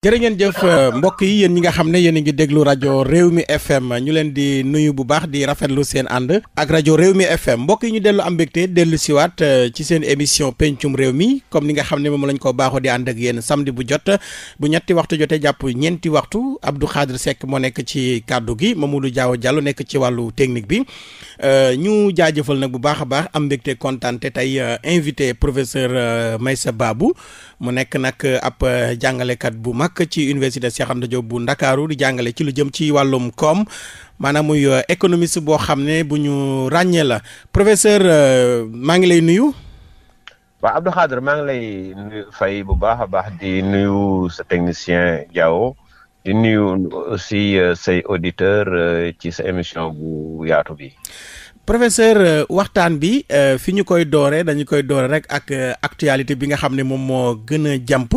jërë ngeen jëf euh, mbokk yi yéen ñi nga xam ne yéen a ngi déglu rajo réew mi FM ñu leen di nuyu bu baax di rafetlu seen ànd ak rajo réew mi FM mbokk yi ñu dellu am mbégte dellu siwaat euh, ci seen émission pencum réew mi comme ni nga xam ne moom lañ ko baaxoo di ànd ak yéen samedi bu jot bu ñetti waxtu jotee jàpp ñeenti waxtu Abdou Khadre Seck moo nekk ci kàddu gi moom Mamadou jaaw Diallo nekk ci wàllu technique bi euh, ñu jaajëfal nag bu baax a baax am mbégte kontaan te tey invité professeur Meissa Babou mu nekk nag ab jàngalekat bu mag bac ci université Cheikh Anta Diop bu Ndakaaru di jàngale ci lu jëm ci wàllum koom maanaam muy euh, économiste boo xam ne bu ñu ràññee la professeur euh, maa ngi lay nuyu. waaw Abdou Khadre maa ngi lay fay bu baax a baax di nuyu sa technicien Diawo di nuyu si euh, say auditeurs ci sa émission bu yaatu bi. professeur euh, waxtaan bi euh, fi ñu koy doore dañu koy doore rek ak euh, actualité bi nga xam ne moom moo gën a jàmp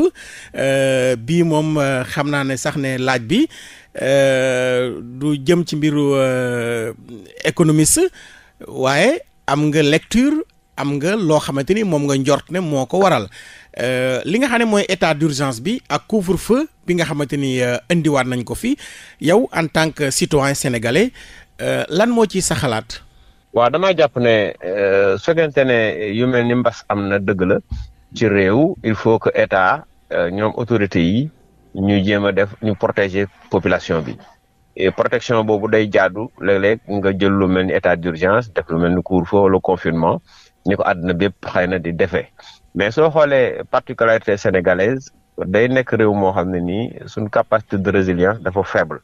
bii moom xam naa ne sax ne laaj bi du jëm ci mbiru économiste waaye am nga lecture am nga loo xamante ni moom nga njort ne moo ko waral li nga xam ne mooy état d'urgence bi ak couvre-feu bi nga xamante ni indiwaat nañ ko fi yow en tant que citoyen sénégalais lan moo ci sa xalaat waaw dama jàpp ne euh, su fekkente ne yu mel ni mbas am na dëgg la ci réew il faut que état euh, ñoom autorités yi ñu jéem a def ñu protéger population bi et protection boobu day jaadu léeg-léeg nga jël lu mel ni état d'urgence def lu mel ni couvre-feu wala confinement ni ko àdduna bépp xëy na di defee mais soo xoolee particularité sénégalaise day nekk réew moo xam ne nii suñ capacité de résilience dafa faible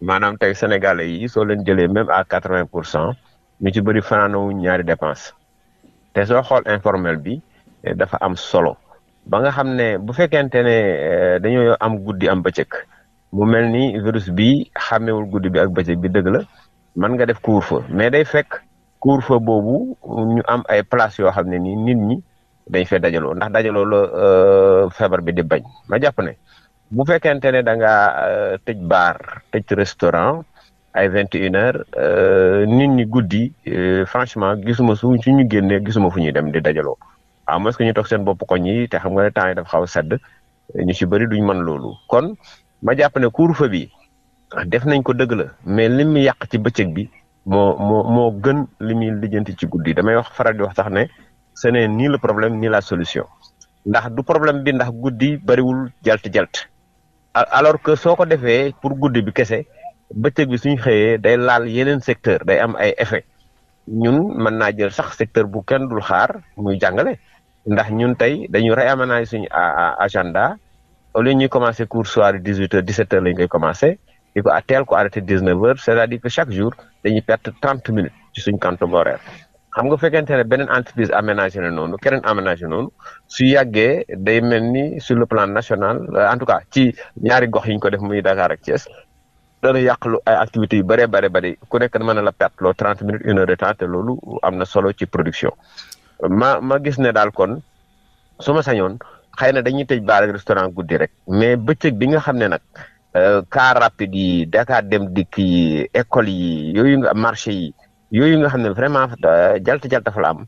maanaam tey sénégalais yi soo leen jëlee même à quatre-vingts pour cent ñu ci bëri fanaanawuñ ñaari dépense te soo xool informel bi eh, dafa am solo ba nga xam ne bu fekkente ne eh, dañoo am guddi am bëccëg mu mel ni virus bi xàmmewul guddi bi ak bëccëg bi dëgg la mën nga def couvre-feu mais day fekk couvre-feu boobu ñu am ay place yoo xam ne nii nit ñi dañ fee dajaloo ndax dajaloo la euh, feebar bi di bañ ma jàpp ne bu fekkente ne da nga euh, tëj baar tëj restaurant ay vingt et une euh, nit ñi guddi euh, franchement gisuma su su ñu génnee gisuma fu ñuy dem di dajaloo am moins que ñu toog seen bopp koñ yi te xam nga ne temps yi dafa xaw a sedd ñu ci bëri duñ mën loolu kon ma jàpp ne couvre-feu bi def nañ ko dëgg la mais li mu yàq ci bëccëg bi moo moo moo gën li muy lijjanti ci guddi damay wax faral di wax sax ne ce n'est ni le problème ni la solution ndax du problème bi ndax guddi bëriwul jalt jalt alors que soo ko defee pour guddi bi kese ba teg bi suñu xëyee day laal yeneen secteur day am ay effet ñun mën naa jël sax secteur bu kenn dul xaar muy jàngale ndax ñun tey dañu réaménagé suñu agenda au lieu ñuy commencé cours soir dix huit heures dix sept heures la ñu koy commencé di ko teel ko arrêté dix neuf heures c' à dire que chaque jour dañuy perte trente minutes ci suñ quantum horaire xam nga fekkente ne beneen entreprise aménagé noonu keneen aménagé noonu su yàggee day mel ni sur le plan national euh, en tout cas ci ñaari gox yi ko def muy Dakar ak Thiès dana yàq lu ay activités yu bëree bëri bëri ku nekk mën na la perte loo trente minutes une heure de temps loolu am na solo ci production ma ma gis ne daal kon su ma sañoon xëy na dañuy tëj baar ak restaurant guddi rek mais bëccëg bi nga xam ne nag euh, car rapide yi Dakar dem dikk yi école yi yooyu marché yi yooyu nga xam ne vraiment euh, jalta jalta fa la am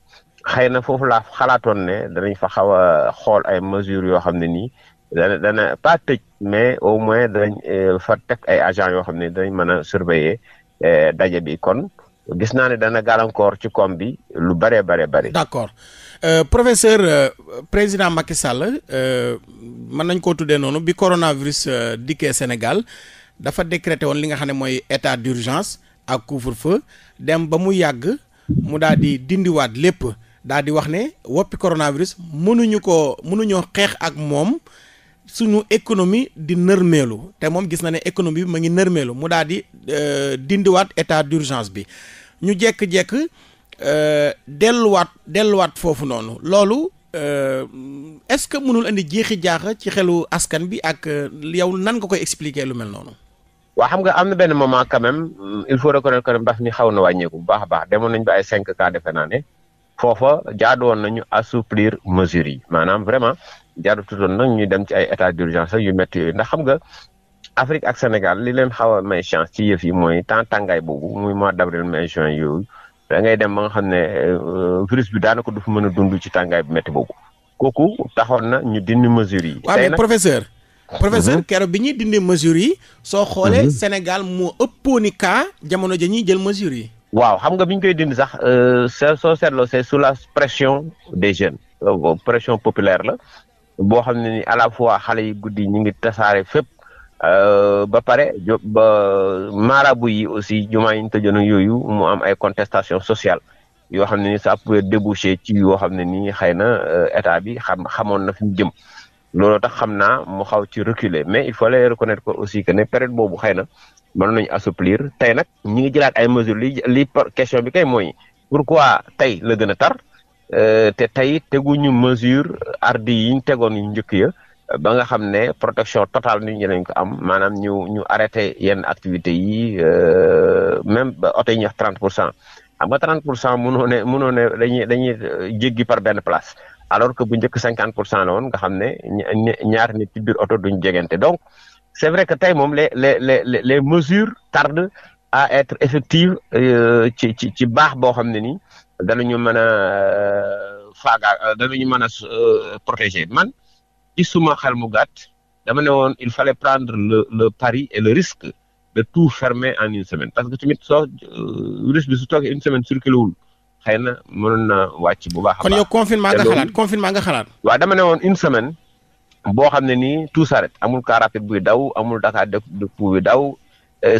xëy na foofu la xalaatoon ne danañ fa xaw a xool ay mesures yoo xam ne nii dana dana pas tëj mais au moins danañ euh, fa teg ay agents yoo xam ne danañ mën a surveiller euh, daje bi kon gis naa ne dana gàllankoor ci koom bi lu bëree bare bëri. d'accord euh, professeur euh, président Macky Sall euh, mën nañ koo tuddee noonu bi coronavirus dikkee Sénégal dafa décrété woon li nga xam ne mooy état d'urgence ak couvre-feu dem ba mu yàgg mu daal di dindiwaat lépp daal di wax ne woppi coronavirus mënuñu ko mënuñoo xeex ak moom. suñu économie di nërmeelu te moom gis na ne économie bi ma ngi nërmeelu mu daal di euh, dindiwaat état d'urgence bi ñu jekk-jekk euh, delluwaat delluwaat foofu noonu loolu euh, est-ce que mënul indi jéexi jaaxa ci xelu askan bi ak yow nan nga koy expliquer lu mel noonu waa xam nga am na benn moment quand même mm, il faut reconnaître que mbas ni xaw na wàññeeku bu baax a baax demoon nañ ba ay cinq cas defe naa ne foofa jaadu woon nañu assouplir mesures yi maanaam vraiment jaadututoon nag ñuy dem ci ay état d'urgence yu métti yooyu ndax xam nga Afrique ak Sénégal li leen xaw a may chance ci yëf yi mooy temps tàngaay boobu muy mois d'avril mai juin yooyu da ngay dem ma nga xam ne euh, virus bi daanaka du fa mën a dund ci tàngaay bu métti boobu kooku taxoon na ñu dindi mesures yi. waaw mais professeur. professeur mhm. keroog bi ñuy dindi mesures yi. soo xoolee mhm. Sénégal moo ëppoon i cas jamono ja ñuy jël mesures yi. waaw xam nga bi ñu koy dindi sax euh, soo seetloo c'est sous la pression des jeunes euh, pression populaire la boo xam ne ni à la fois xale yi guddi ñu ngi tasaare fépp euh, ba pare ba maarabu yi aussi jumaa yi ñu tëjoon yooyu mu am ay contestation sociale yoo xam ne ni ça pouvait déboucher ci yoo xam ne nii xëy na euh, état bi xam xamoon na fi mu jëm looloo tax xam naa mu xaw ci reculer mais il fallait reconnaître ko aussi que ne période boobu xëy na mën nañu assouplir tey nag ñu ngi jëlaat ay mesures li li question bi kay mooy pour pourquoi tey la gën a tar Euh, te tey teguñu mesure ardi yi ñu tegoon yu njëkk ya ba nga xam ne protection totale nit ñi lañ ko am maanaam ñu ñu arrêté yenn activités yi euh, même ba oto yi ñuy wax trente pour cent xam nga trente pour cent mënoo ne mënoo ne dañuy dañuy euh, jéggi par benn place alors que bu njëkk cinquante pour cent la woon nga xam ne ñaar nit ci biir oto duñ jegante donc c'est vrai que tey moom les les les les mesures tardent à être effectives ci ci ci baax boo xam ne nii danañu mën a euh, faagaa euh, danañu mën a euh, protéger man ci suma xal mu gàtt dama ne woon il fallait prendre le le pari et le risque de tout fermer en une semaine parce que tamit soo virus bi su toogee une semaine circulé wul xëy na mënoon na wàcc bu baax a baax. kon yow confinement nga xalaat confinement nga xalaat. waaw dama ne woon une semaine boo xam ne ni tout s'arrête amul car rapide buy daw amul Dakar de dëpp buy daw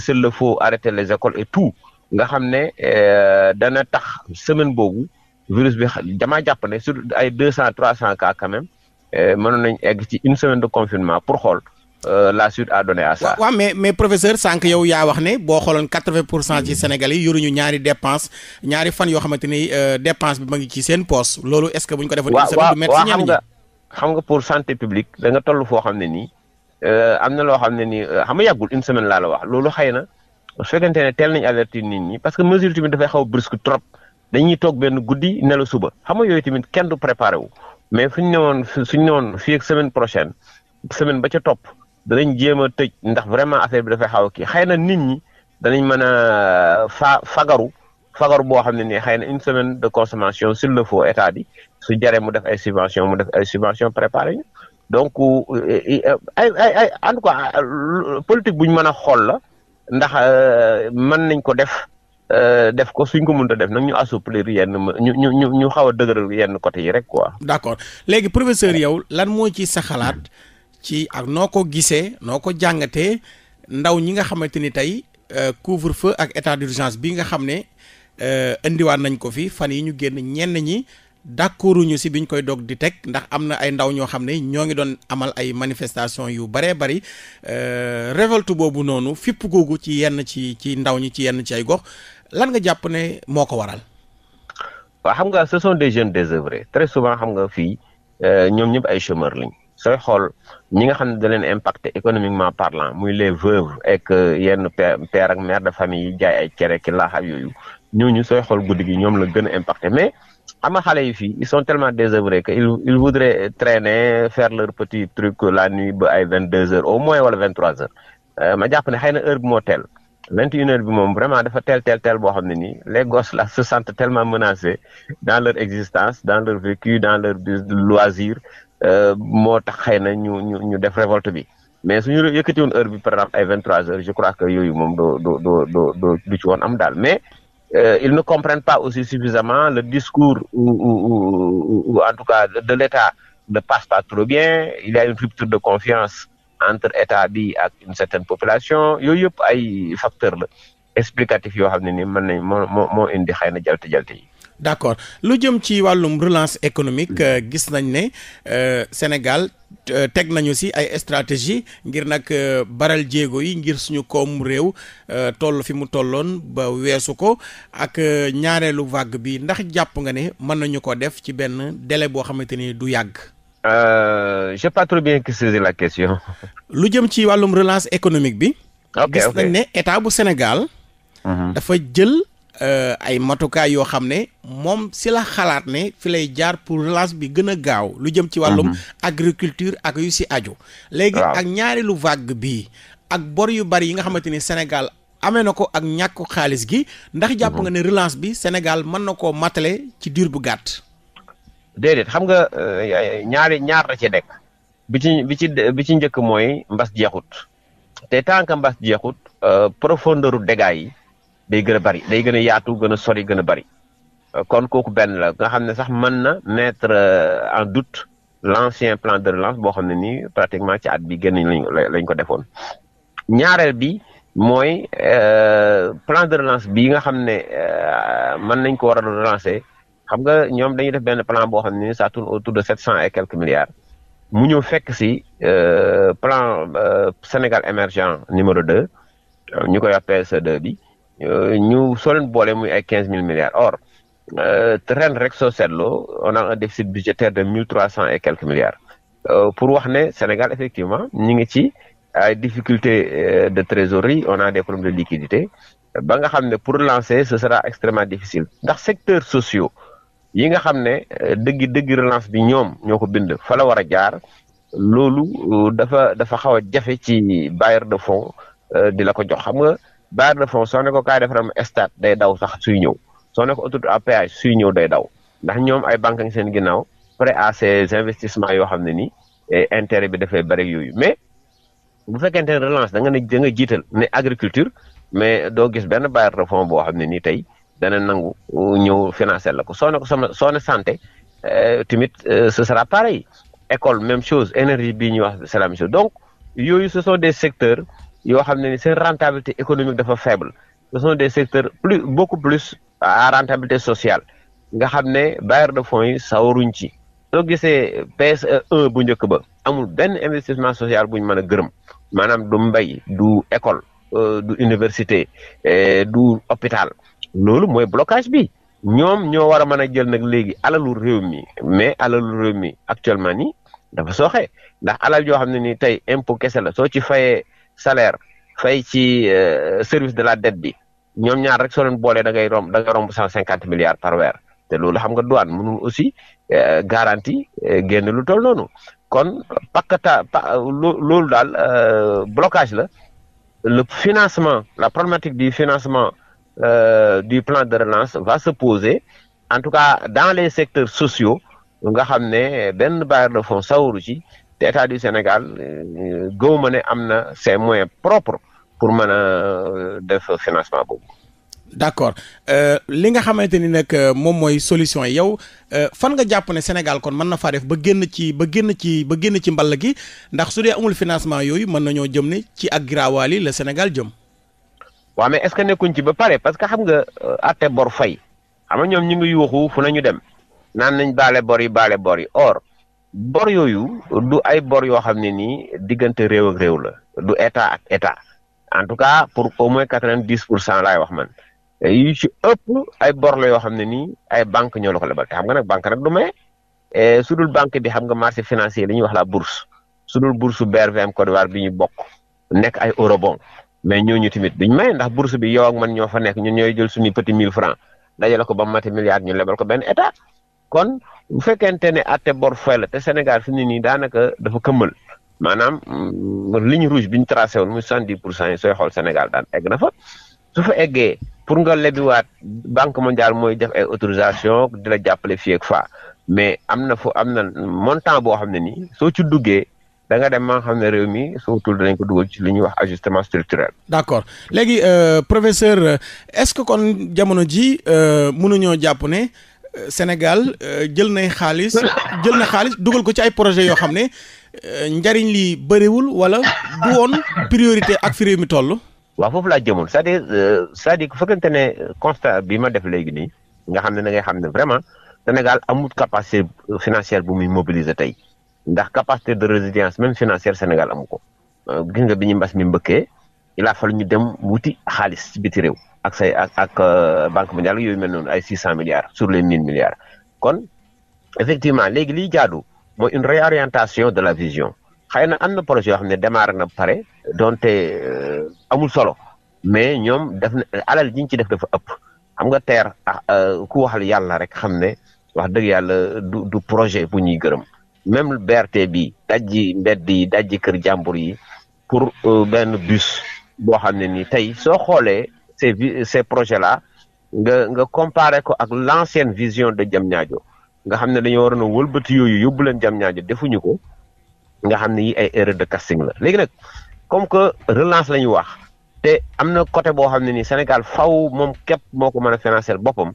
s'il le faut arrêter les écoles et tout. nga xam ne euh, dana tax semaine boobu virus bi damaa jàpp ne surtout ay deux cent trois cent cas quand même euh, mënoon nañ egg ci une semaine de confinement pour xool euh, la suite à donner à ça. waaw mais mais professeur sànq yow yaa wax ne boo xooloon quatre-vingt pour cent ci Sénégal yi yoruñu ñaari dépense ñaari fan yoo xamante ni dépense bi ma ngi ci seen poos loolu est-ce que bu ñu ko defoon. waaw waaw waaw xam nga pour santé publique da nga toll foo xam ne nii am na loo xam ne nii xam nga yàggul une semaine laa la wax loolu xëy na. su fekkente ne teel nañu avertir nit ñi parce que mesure tamit dafay xaw brusque trop dañuy toog benn guddi ne suba xam nga yooyu tamit kenn du préparé wu mais fu ñu ne woon su ñu semaine prochaine semaine ba ca topp danañ jéem a tëj ndax vraiment affaire bi dafay xaw a kii xëy na nit ñi danañ mën a euh, fa fagaru fagaru boo xam ne nii xëy na une semaine de consommation s'il le faut état bi su jaree mu def ay subvention mu def ay subvention préparé donc euh, euh, ay en tout cas politique bu ñu mën a xool la. ndax euh, mën nañ ko def euh, def ko suñ ko mun mënta def nag ñu assouplir yenn ñu ñu ñu ñu xaw a dëgëral yenn côté yi rek quoi. d'accord léegi professeur yow lan moo ci sa xalaat ci ak noo ko gisee noo ko jàngatee ndaw ñi nga xamante ni tey euh, couvre-feu ak état d'urgence bi nga xam ne indiwaan nañ ko fi fan yi ñu génn ñenn ñi. d'accorduñu si biñ koy dog di teg ndax am na ay ndaw ñoo xam ne ñoo ngi doon amal ay manifestation yu baree bari euh, révolte boobu noonu fipp googu ci yenn ci ci ndaw ñi ci yenn ci ay gox lan nga jàpp ne moo ko waral. waa xam nga ce sont des jeunes désœuvrés très souvent xam nga fii euh, ñoom ñëpp ay chômeurs lañ sooy xool ñi nga xam ne da leen impacté économiquement parlant muy les veuves ak euh, yenn père ak mère de famille yi jaay ay cere ki laax ak yooyu ñooñu sooy xool guddi gi ñoom la gën a impacté mais. xam nga xale yi fii ils sont tellement désœuvrés que ils ils voudraient traîner faire leur petit truc la nuit ba ay vingt deux heures au moins wala vingt trois heures euh, ma jàpp ne xëy na heure bi moo teel vingt une heure bi moom vraiment dafa teel teel teel boo xam ne nii les gosses là se sentent tellement menacés dans leur existence dans leur vécu dans leur loisir euh, moo tax xëy na ñu ñu ñu def révolte bi mais suñu yëkkati woon heure bi par exemple ay vingt trois heures je crois que yooyu moom doo doo woon am daal mais euh, ils ne comprennent pas aussi suffisamment le discours ou, ou, ou, en tout cas de l'État ne passe pas trop bien. Il y a une rupture de confiance entre État bi ak une certaine population yooyu yëpp ay facteur la explicatif yoo xam ne ni mën nañ moo moo moo indi xëy na jalte jalte yi d' accord lu jëm ci wàllum relance économique euh, gis nañ ne euh, Sénégal euh, teg nañu si ay stratégie ngir nag baral jéego yi ngir suñu koom réew toll fi mu tolloon ba weesu ko ak ñaareelu vague bi ndax jàpp nga ne mën nañu ko def ci benn délai boo xamante ni du yàgg. j'ai pas trop bien saisi la lu jëm ci wàllum relance économique bi. gis nañ ne état bu Sénégal. Mhm. dafa jël. Euh, ay matukaay yoo xam ne moom si la xalaat ne fi lay jaar pour relance bi gën a gaaw lu jëm ci wàllum mhm. agriculture ak yu si ajo léegi ak ñaareelu vague bi ak bor yu bari yi nga xamante ni senegal amee na ko ak ñàkk xaalis gi ndax jàpp mhm. nga ne relance bi Sénégal mën na koo matale ci diir bu gàtt déedéet xam nga euh, ñaari ñaar la ci dekk bi ci bi ci ci njëkk mooy mbas jeexut te tant que mbas jeexut euh, profondeur u dégâts yi day gën a bari day gën a yaatu gën a sori gën a bari kon kooku benn la nga xam ne sax mën na mettre euh, en doute l'ancien plan de relance boo xam ne nii pratiquement ci at bi gën lañu ko defoon ñaareel bi mooy euh, plan de relance bi nga xam ne euh, mën nañ ko war a relancer xam nga ñoom dañuy def benn plan boo xam ne nii ça tourne autour de sept cent et quelques milliards mu ñëw fekk si plan Sénégal émergent numéro deux ñu koy wax PSE2 bi Euh, ñu soo leen boole muy ay quinze mille milliards or euh, ren rek soo seetloo ona a un déficit budgétaire de mille trois cent et quelques milliards euh, pour wax ne Sénégal effectivement ñu ngi ci ay difficultés de trésorerie on a des problèmes de liquidité ba nga xam ne pour relancer ce sera extrêmement difficile ndax secteurs sociaux yi nga xam ne dëgg dëgg relance bi ñoom ñoo ko bind fa la war a jaar loolu dafa dafa xaw a jafe ci bailleur de fonds di la ko jox xam nga barre de fond soo ne ko kaay defaral ma stade day daw sax suy ñëw soo ne ko autoroute à suy ñëw day daw ndax ñoom ay banque ngi seen ginnaaw prêt à ces investissements yoo xam ne ni intérêt bi dafay bëri yooyu mais bu fekkente ne relance da nga ne da nga jiital ne agriculture mais doo gis benn barre de fond boo xam ne nii tey dana nangu uh, ñëw financier la ko soo ne ko sama soo ne santé euh, tamit euh, ce sera pareil école même chose énergie bii ñuy wax c'est la chose donc yooyu ce sont des secteurs yoo xam ne ni seen rentabilité économique dafa faible ce sont des secteurs plus beaucoup plus à rentabilité sociale nga xam ne bailleurs de fonds yi sawaruñ ci soo gisee ps 1 e bu njëkk ba amul benn investissement social bu ñu mën a gërëm maanaam du mbay du école euh, du université euh, du hôpital loolu mooy blocage bi ñoom ñoo war a mën a jël nag léegi alalu réew mi mais alalu réew mi actuellement nii dafa sooxe ndax alal yoo xam ne ni tey impôt kese la soo ci fayee salaire fay ci euh, service de la dette bi ñoom ñaar rek soo leen boolee da ngay romb da ngay romb cent cinquante milliards par weer te loolu xam nga douane mënul aussi euh, garantie euh, génn lu toll noonu kon pakata loolu daal blocage la le financement la problématique du financement du plan de relance va se poser en tout cas dans les secteurs sociaux nga xam ne benn bailleur de fonds sawaru ci te état du Sénégal euh, gëw ma ne am na ses moyens propres pour mën a euh, def financement boobu. d' accord euh, li nga xamante ni nag moom mooy solution yi yow fan nga jàpp ne Sénégal kon mën na faa def ba génn ci ba génn ci ba génn ci mball gi ndax su dee amul financement yooyu mën nañoo jëm ni ci ak giraawaal yi la Sénégal jëm. waa mais est ce que nekkuñ ci ba pare parce que xam nga àtte bor fay xam nga ñoom ñu ngi yuuxu fu nañu dem naan nañ baale bor yi baale bor yi bor yooyu du ay bor yoo xam ne nii diggante réew ak réew la du état ak état en tout cas pour au moins quatre-vingt-dix pour cent laay wax man yu ci ëpp ay bor la yoo xam ne nii ay banque ñoo la ko lebal te xam nga nag banque nag du may su dul banque bi xam nga marché financier li ñuy wax la bourse su dul bourse BRVM Côte d'Ivoire bi ñu bokk nekk ay eurobond mais ñooñu tamit duñ may ndax bourse bi yow ak man ñoo fa nekk ñun ñooy jël suñuy petit mille francs dajale ko ba mati milliard ñu lebal ko benn état kon bu fekkente ne atte bor fay la te Sénégal fi ne nii daanaka dafa këmbal maanaam mm, ligne rouge bi ñu tracé woon mu soixante dix pour cent soo sooy xool Sénégal daan egg na fa su fa eggee pour nga lebiwaat banque mondiale mooy def ay autorisation di la jàppale fii ak faa mais am na fu am na montant boo xam ne nii soo ci duggee. danga dem maa xam ne réew mi surtout danañ ko dugal ci li ñuy wax ajustement structurel. d' accord léegi euh, professeur euh, est ce que kon jamono ji euh, mënuñoo jàpp ne. Sénégal euh, jël nay xaalis jël na xaalis dugal ko ci ay projets yoo xam ne euh, njariñ li bëriwul wala du woon priorité ak fi réew mi toll. waaw foofu laa jëmul c'est-à-dire euh, cest à ne constat bi ma def léegi nii nga xam ne da ngay xam ne vraiment Sénégal amut capacité financière bu muy mobiliser tey ndax capacité de résilience même financière Sénégal amu ko gis nga bi ñu mbas mi mbëkkee il a fallu ñu dem wuti xaalis ci biti réew. ak say ak ak euh, banque mondiale yooyu mel noonu ay six cent milliards sur les mille milliards kon effectivement léegi liy jaadu moo une réorientation de la vision xëy na am na projet yoo xam ne démarré na pare donte euh, amul solo mais ñoom def na alal ji ci def fa ëpp xam nga teer ah, euh, ku waxal yàlla rek xam ne wax dëgg yàlla du du projet bu ñuy gërëm même BRT bi dajji mbedd yi dajji kër jàmbur yi pour benn bus boo xam ne ni tey soo xoolee ces ces projets là nga nga comparé ko ak l'ancienne vision de Diamniadio nga xam ne dañoo waroon a wëlbati yooyu yóbbu leen Diamniadio defuñu ko nga xam ne yi ay erreur de casting la léegi nag comme que relance la ñu wax te am na côté boo xam ne ni Sénégal faw moom képp moo ko mën a financer boppam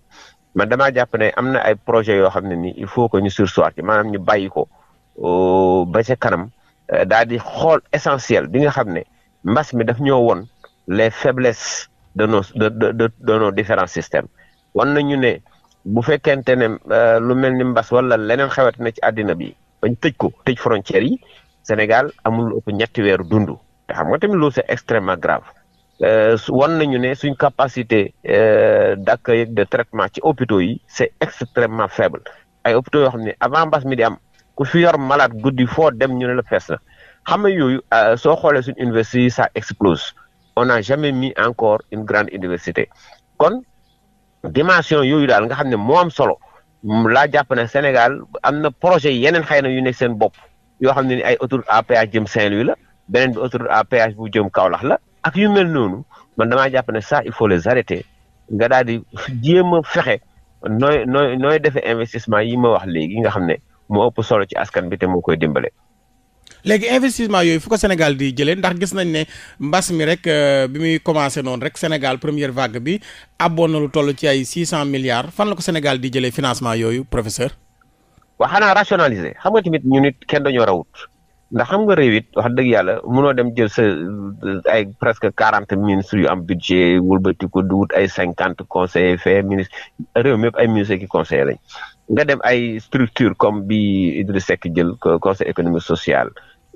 man damaa jàpp ne am na ay projets yoo xam ne nii il faut que ñu sursoir ci maanaam ñu bàyyi ko euh, ba ca kanam euh, daal di xool essentiel bi nga xam ne mbas mi daf ñoo woon les de nos de de de, de nos différents systèmes wan nañu ne bu fekkente ne euh, lu mel ni mbas walla leneen xewet ci àddina bi bañ tëj ko tëj frontières yi Sénégal amul lu ëpp ñetti weeru dund te xam nga tamit loolu c'est extrêmement grave euh, wan ñu ne suñ capacité euh, d'accueil de traitement ci hôpitaux yi c'est extrêmement faible ay hôpitaux yoo xam ne avant mbas mi di am ku fi yor malaat guddi foo dem ñu ne la fees na xam nga yooyu soo xoolee suñ université yi ça explose on n'a jamais mis encore une grande université kon dimension yooyu daal nga xam ne moo am solo laa jàpp ne Sénégal am na projet yeneen xëy na yu nekk seen bopp yoo xam ne ay autoroute à jëm Saint-Louis la beneen bi autoroute à péage bu jëm Kaolack la ak yu mel noonu man damaa jàpp ne ça il faut les arrêter nga daal di jéem a fexe nooy nooy nooy defee investissement yi ma wax léegi nga xam ne moo ëpp solo ci askan bi te moo koy dimbale. léegi investissement yooyu fu ko Sénégal di jëlee ndax gis nañ ne mbas mi rek euh, bi muy commencé noonu rek Sénégal première vague bi abboon na lu toll ci ay six cent milliards fan la ko Sénégal di jëlee financement yooyu professeur. waa xanaa rationaliser xam nga tamit ñu it kenn dañoo rawut ndax xam nga réew it wax dëgg yàlla mënoo dem jël sa euh, ay presque quarante ministres yu am budget wëlbati ko di wut ay cinquante conseil fait ministre réew mi yëpp ay ministres ki conseillers nga dem ay structure comme bi Idriss Seck jël conseil économique social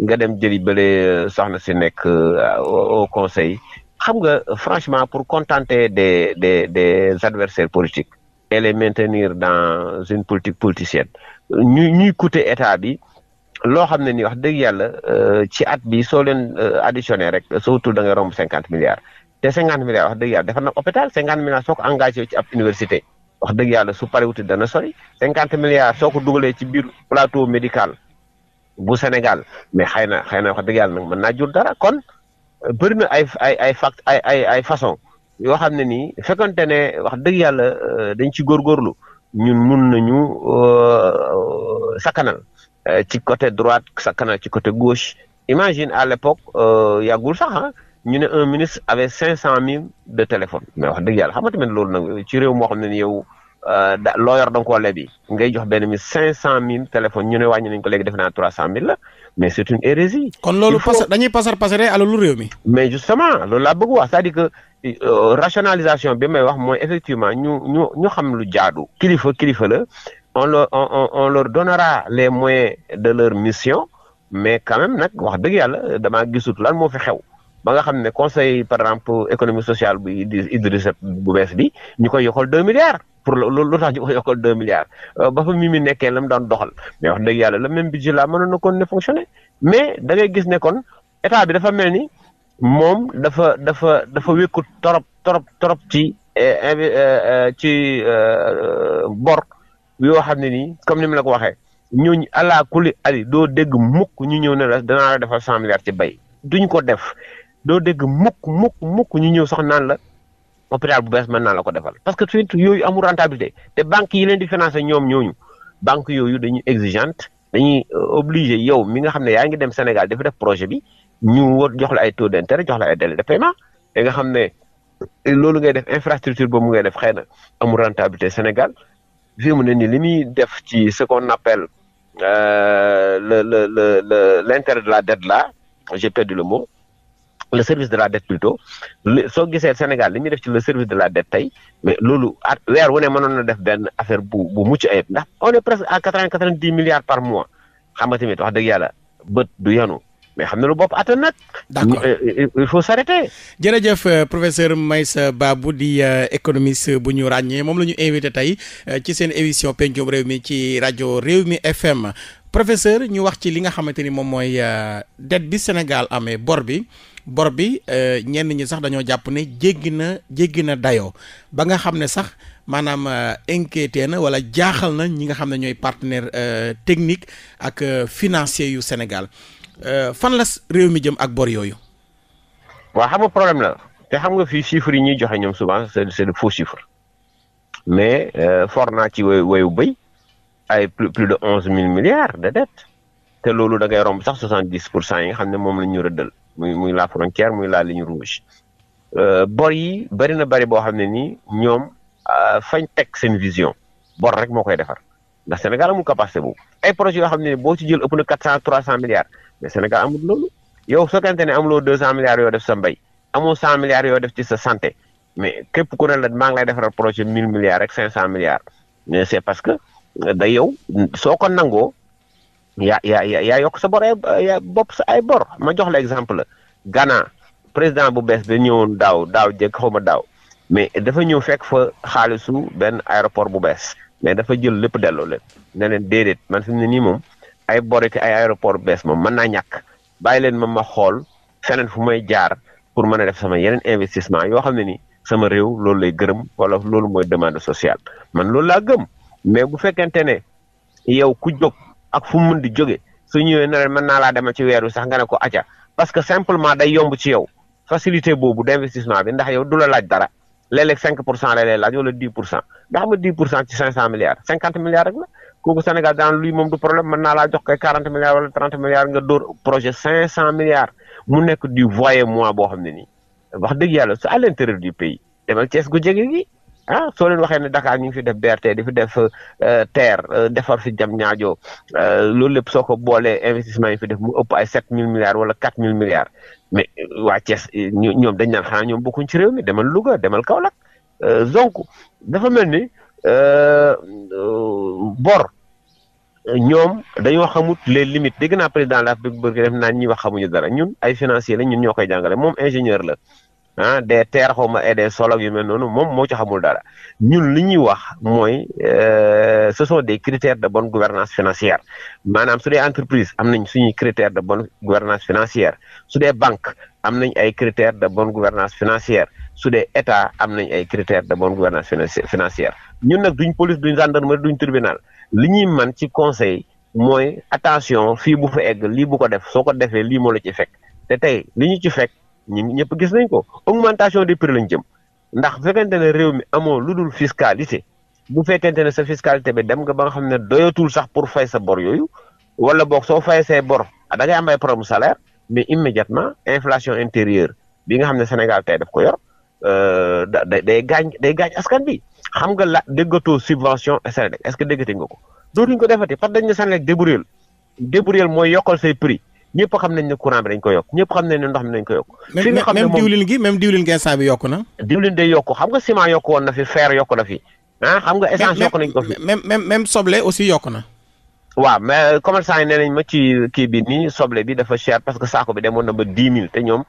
nga dem jëli bële euh, soxna si nekk euh, au conseil xam nga franchement pour contenter des des des adversaires politiques et les maintenir dans une politique politicienne ñu ñuy coûter état bi loo xam ne ni wax dëgg yàlla euh, ci at bi soo leen additionné rek surtout da nga romb cinquante milliards te cinquante milliards wax dëgg yàlla defar na hôpital cinquante milliards soo ko engagé ci ab université wax dëgg yàlla su parewuti dana sori cinquante milliards soo ko dugalee ci biir plateau médical bu Sénégal mais xëy na xëy na wax dëgg yàlla nag mën naa jur dara kon bëri na ay ay ay fact ay ay ay façon yoo xam ne nii fekkante ne wax dëgg yàlla euh, dañ ci góorgóorlu ñun mun nañu euh, sakkanal euh, ci côté droite sakkanal ci côté gauche imagine à l'époque yàggul sax ah ñu ne un ministre avait cinq cent mille de téléphone mais wax dëgg yàlla xam nga tamit loolu nag ci réew moo xam na ni yow Euh, da loo yor da nga ngay jox benn mi cinq cent mille téléphone ñu ne wàññi nañ ko léegi def naa trois cent mille la mais c'est une hérésie. kon loolu pasar dañuy pasar pasaree alalu réew mi. mais justement loolu laa bëgg wax cest à que euh, rationalisation bi may wax mooy effectivement ñu ñu ñu xam lu jaadu. kilifa kilifa la on leur on on leur donnera les moyens de leur mission mais quand nag wax dëgg yàlla damaa gisut lan moo fi xew. ba nga xam ne conseil par exemple économie sociale bu Idrissa bu bees bi ñu koy yokkal deux milliards. pour lu tax ñu ko yokkal deux milliards euh, ba fa Mimi nekkee la mu daan doxal mais wax dëgg yàlla le même budget la mënoon na kon ne fonctionner mais da ngay gis ne kon état bi dafa mel ni moom dafa dafa dafa wékku torop torop torop ci eh, eh, eh, ci euh, bor yoo xam ne nii comme ni mu la ko waxee ñooñu ñu kuli ali doo dégg mukk ñu ñëw ne la danaa la defal cent milliards ci bay duñ ko def doo dégg mukk mukk mukk ñu ñëw sax naan la hôpital bu bees mën naa la ko defal parce que suñu yooyu amul rentabilité te banque yi leen di financer ñoom ñooñu banque yooyu dañuy exigeante dañuy euh, obligé yow mi nga xam ne yaa ngi dem Sénégal dafa def projet bi ñu war jox la ay taux d'intérêt jox la ay délai de paiement te nga xam ne loolu ngay def infrastructure boobu ngay def xëy na amul rentabilité Sénégal fii mu ne nii li muy def ci ce qu'on appelle euh, le le le le de la dette là j'ai perdu le mot le service de la dette plutôt soo gisee Sénégal li ñuy def ci le service de la dette tey mais loolu at weer wu ne mënoon na def benn affaire bu bu mucc ayib ndax on est presque à quatre-vingt quatre-vingt-dix milliards par mois xam nga tamit wax dëgg yàlla bët du yanu mais xam na lu bopp attan nag. d'accord euh, euh, il faut s'arrêter. jërëjëf euh, professeur Meissa Babou di économiste bu ñu ràññee moom la ñu invité tey ci seen émission pencum réew mi ci rajo réew mi FM professeur ñu wax ci li nga xamante ni moom mooy dette bi Sénégal amee bor bi. bor bi euh, ñenn ñi sax dañoo jàpp ni jéggi na jéggi na dayoo ba nga xam ne sax maanaam euh, inquiété na wala jaaxal na ñi nga xam ne ñooy partenaire euh, technique ak financier yu Sénégal fan la réew mi jëm ak bor yooyu. waaw xam nga problème la te xam nga fii chiffres yi ñuy joxe ñoom souvent c'est c'est de faux chiffres mais for naa ci woy woyu béy ay plus plus de onze mille milliards de dettes te loolu da romb sax soixante dix pour cent yi nga xam ne moom la ñu rëddal. muy muy la frontière muy la ligne rouge euh, bor yi bari na bari boo xam ne nii ñoom euh, fañ teg seen vision bor rek moo koy defar ndax Sénégal amul capacité boobu ay projets yoo xam ne boo ci jël ëpp na quatre cent trois cent milliards mais Sénégal amul loolu yow sokkante ne amuloo deux cent milliards yoo def sa mbay amoo cent milliards yoo def ci sa santé mais képp ku ne la maa ngi lay defaral projet mille milliards rek cinq cent milliards mais c'est que euh, da yow soo ko nangoo yaa yaa yaa yokk sa bor ay bopp sa ay bor ma jox la exemple la Ghana président bu bees da ñëwoon daaw daaw jekk xaw ma daaw mais dafa ñëw fekk fa xaalisu benn aéroport bu bees mais dafa jël lépp delloo leen ne leen déedéet man fi ne nii moom ay bor ki ay bees moom mën naa ñàkk bàyyi leen ma ma xool feneen fu may jaar pour mën a def sama yeneen investissement yoo xam ne ni sama réew loolu lay gërëm wala loolu mooy demande sociale man loolu laa gëm mais bu fekkente ne yow ku jóg. ak fu mu mën di jóge su ñëwee ne leen mën naa laa demal ci weer wi sax nga ne ko acca parce que simplement day yomb ci yow facilité boobu d' investissement bi ndax yow du la laaj dara léeg-léeg 5 pour cent la lay laaj wala 10 pour cent nga xam ne 10 pour cent ci 500 milliards 50 milliards rek la kooku Sénégal daan luy moom du problème mën naa laa jox kay 40 milliards wala 30 milliards nga dóor projet 500 milliards mu nekk du voyer mois boo xam ne nii wax dëgg yàlla c'est à ah soo leen waxee ne Dakar ñu ngi fi def BRT di fi def euh, terre euh, defar fi jam ñaajo euh, loolu lépp soo ko boolee investissement yi fi def mu ëpp ay sept mille milliards wala quatre mille milliards mais waa Thiès ñoom dañ daan xanaa ñoom bokkuñ ci réew mi demal Louga demal Kaolack donc dafa mel ni bor ñoom dañoo xamut les limites dégg naa président de la République def naan ñi wax xamuñu dara ñun ay financier la ñun ñoo koy jàngale moom ingénieur la ah des terres xaw ma et des sols yu mel noonu moom moo ci xamul dara ñun li ñuy wax mooy euh, ce sont des critères de bonne gouvernance financière maanaam su dee entreprise am nañ suñuy critère de bonne gouvernance financière su dee banque am nañ ay critère de bonne gouvernance financière su dee état am nañ ay critères de bonne gouvernance financière ñun nag duñ police duñ gendarmerie duñ tribunal li ñuy man ci conseil mooy attention fii bu fa egg lii bu ko def soo ko defee lii moo la ci fekk ñun ñëpp gis nañ ko augmentation des prix lañ jëm ndax bu fekkente ne réew mi amoo lu dul fiscalité bu fekkente ne sa fiscalité bi dem nga ba nga xam ne doyatul sax pour fay sa bor yooyu wala boog soo fay say bor ah, da ngay am ay problème salaire mais immédiatement inflation intérieure bi nga xam ne Sénégal tey daf ko yor euh, da day gaañ day gaañ askan bi xam nga la déggatoo subvention Sénélec est-ce que déggati nga ko ko defati parce que dañ ne Sénélec débrouille débrouille mooy yokkal say prix. ñëpp xam nañ ne courant bi dañ ko yokk ñëpp xam nañ ne ndox mi dañ ko yokk. fi diwlin gi même diwlin gi instant bi yokk na. diwlin day yokk xam nga ciment yokk woon na fi fer yokk na fi. ah xam nga essence yokk nañ ko fi même même même soble aussi yokk waaw mais commerçant yi nee nañ ma ci kii bi nii soble bi dafa cher parce que saako bi demoon na ba dix mille te ñoom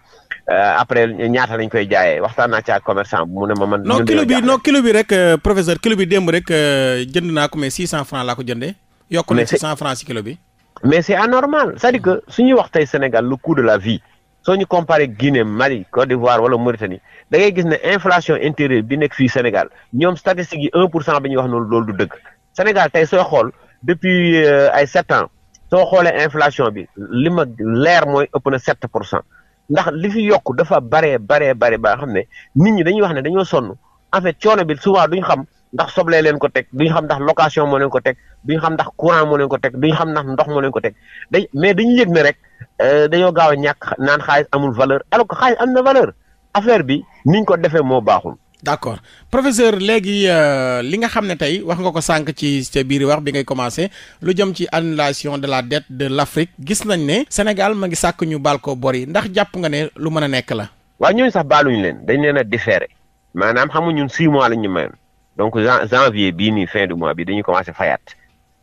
euh, après ñaata lañ koy waxtaan naa ci ak commerçant bi mu ne kilo bi non kilo bi rek euh, professeur kilo bi démb rek euh, jënd naa ko mais six cent franc laa ko jëndee. yokk na six cent franc ci kilo bi. mais c'est anormal c'est-à-dire que su ñuy wax tey Sénégal le coût de la vie soo ñu comparé Guinée Mali Côte d'Ivoire wala Mauritanie da ngay gis ne inflation intérieure bi nekk fii Sénégal ñoom statistiques yi 1 pour cent bi ñuy wax noonu loolu du dëgg Sénégal tey sooy xool depuis euh, ay 7 ans soo xoolee inflation bi li ma leer mooy ëpp na 7 pour cent ndax li fi yokk dafa baree baree bare ba xam ne nit ñi dañuy wax ne dañoo sonn en fait coono bi souvent duñ xam. ndax soble leen ko teg duñu xam ndax location moo leen ko teg duñu xam ndax courant moo leen ko teg ñu xam ndax ndox moo leen ko teg day mais dañu yëg ne rek euh, dañoo gaaw a ñàkk naan xaalis amul valeur alors que xaalis am na valeur affaire bi niñ ko defee moo baaxul. d'accord professeur léegi euh, li nga xam ne tey wax nga ko sànq ci sa biir wax bi ngay commencer lu jëm ci annulation de la dette de l'Afrique gis nañ ne. Sénégal ma ngi sàkk ñu baal ko bor yi ndax jàpp nga ne lu mën a nekk la. waaw ñooñu sax baaluñu leen dañ leen a différer maanaam xamuñu ñun six mois lañ ñu mayoon donc janvier bii ni fin du mois bi dañuy commencé fayaat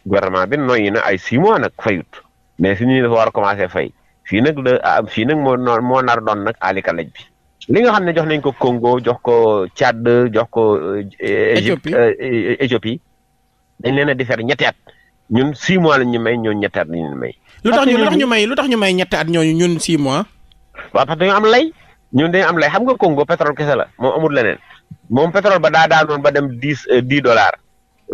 gouvernement bi noyyi na ay six mois nag fayut mais fi ñu dafa war commencé fay nag la ah, fii nag moo moo nar doon nag aalikalaj bi li nga xam ne jox nañ ko Congo jox ko Tchad jox ko eh, eh, eh, Éthiopie dañ leen a defer ñetti at ñun six mois lañ ñu may ñooñu ñetti at ñu may. lu tax ñu lu tax ñu may lu tax ñu ñetti at ñooñu ñun six mois. waaw parce que am lay ñun dañoo am lay xam nga Congo pétrole kese la moom amul leneen. moom pétrole ba daa daanoon ba dem dix euh, dix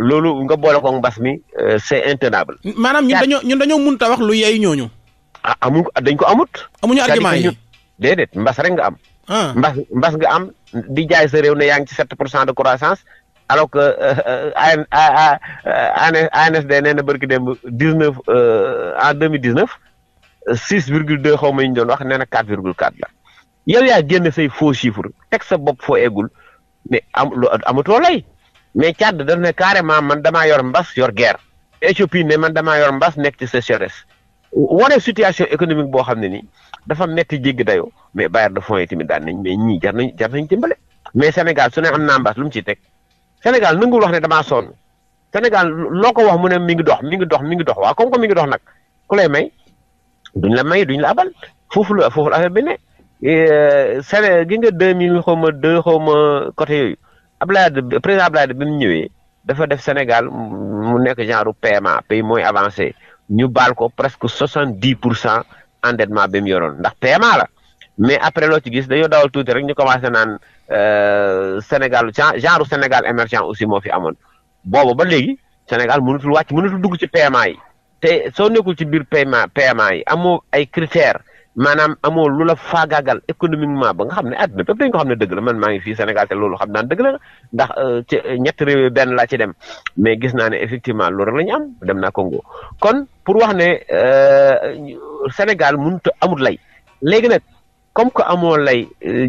loolu nga boole ko mbas mi euh, c'est intenable. maanaam ñun dañoo ñun dañoo mënut wax lu yeey ñooñu. ah amu dañ ko amut. amuñu argument yi déedéet mbas rek nga am. Ah. mbas mbas nga am di jaay sa réew ne yaa ngi ci sept pour cent de croissance alors que euh, ANSD nee na barki démb dix neuf en deux mille dix neuf six virgule deux xaw ma ñu doon wax nee na quatre virgule quatre la yow yaa génn say faux chiffres teg sa bopp foo eegul mais am lu amatoo lay mais Tchad daf ne carrément man damaa yor mbas yor guerre Éthiopie ne man damaa yor mbas nekk ci sécheresse wane situation économique boo xam ne ni dafa metti jéggi dayoo mais bailleurs de fonds yi tamit daan nañ mais ñii jar nañ jar nañ dimbale mais Sénégal su ne am naa mbas lu mu ciy teg Sénégal nanguwul wax ne damaa sonn Sénégal loo ko wax mu ne mi ngi dox mi ngi dox mi ngi dox waa kom que mi ngi dox nag ku lay may duñ la may duñ la abal foofu la foofu la affaire bi ne. Séné euh, gi nga deux mille xaw ma deux xaw côté yooyu Abdoulaye Wade président Abdoulaye Wade bi mu ñëwee dafa def Sénégal mu nekk genre PMA pays mooy avancé ñu baal ko presque soixante dix pour cent endettement bi mu yoroon ndax PMA la mais après loo ci gis dañoo dawal tuuti rek ñu commencé naan euh, Sénégal genre Sénégal émergent aussi moo fi amoon boobu ba léegi Sénégal mënutul wàcc lu dugg ci PMA yi te soo nekkul ci biir PMA PMA yi amoo ay critères. maanaam amoo lu la faagaagal économiquement ba nga xam ne àdduna bépp dañ ko xam ne dëgg la man maa ngi fii Sénégal te loolu xam naan dëgg la ndax euh, ci euh, ñett réew benn laa ci dem mais gis naa ne effectivement loolu rek lañu am dem naa Congo kon pour wax ne euh, Sénégal mënut a amul lay léegi nag comme que amoo lay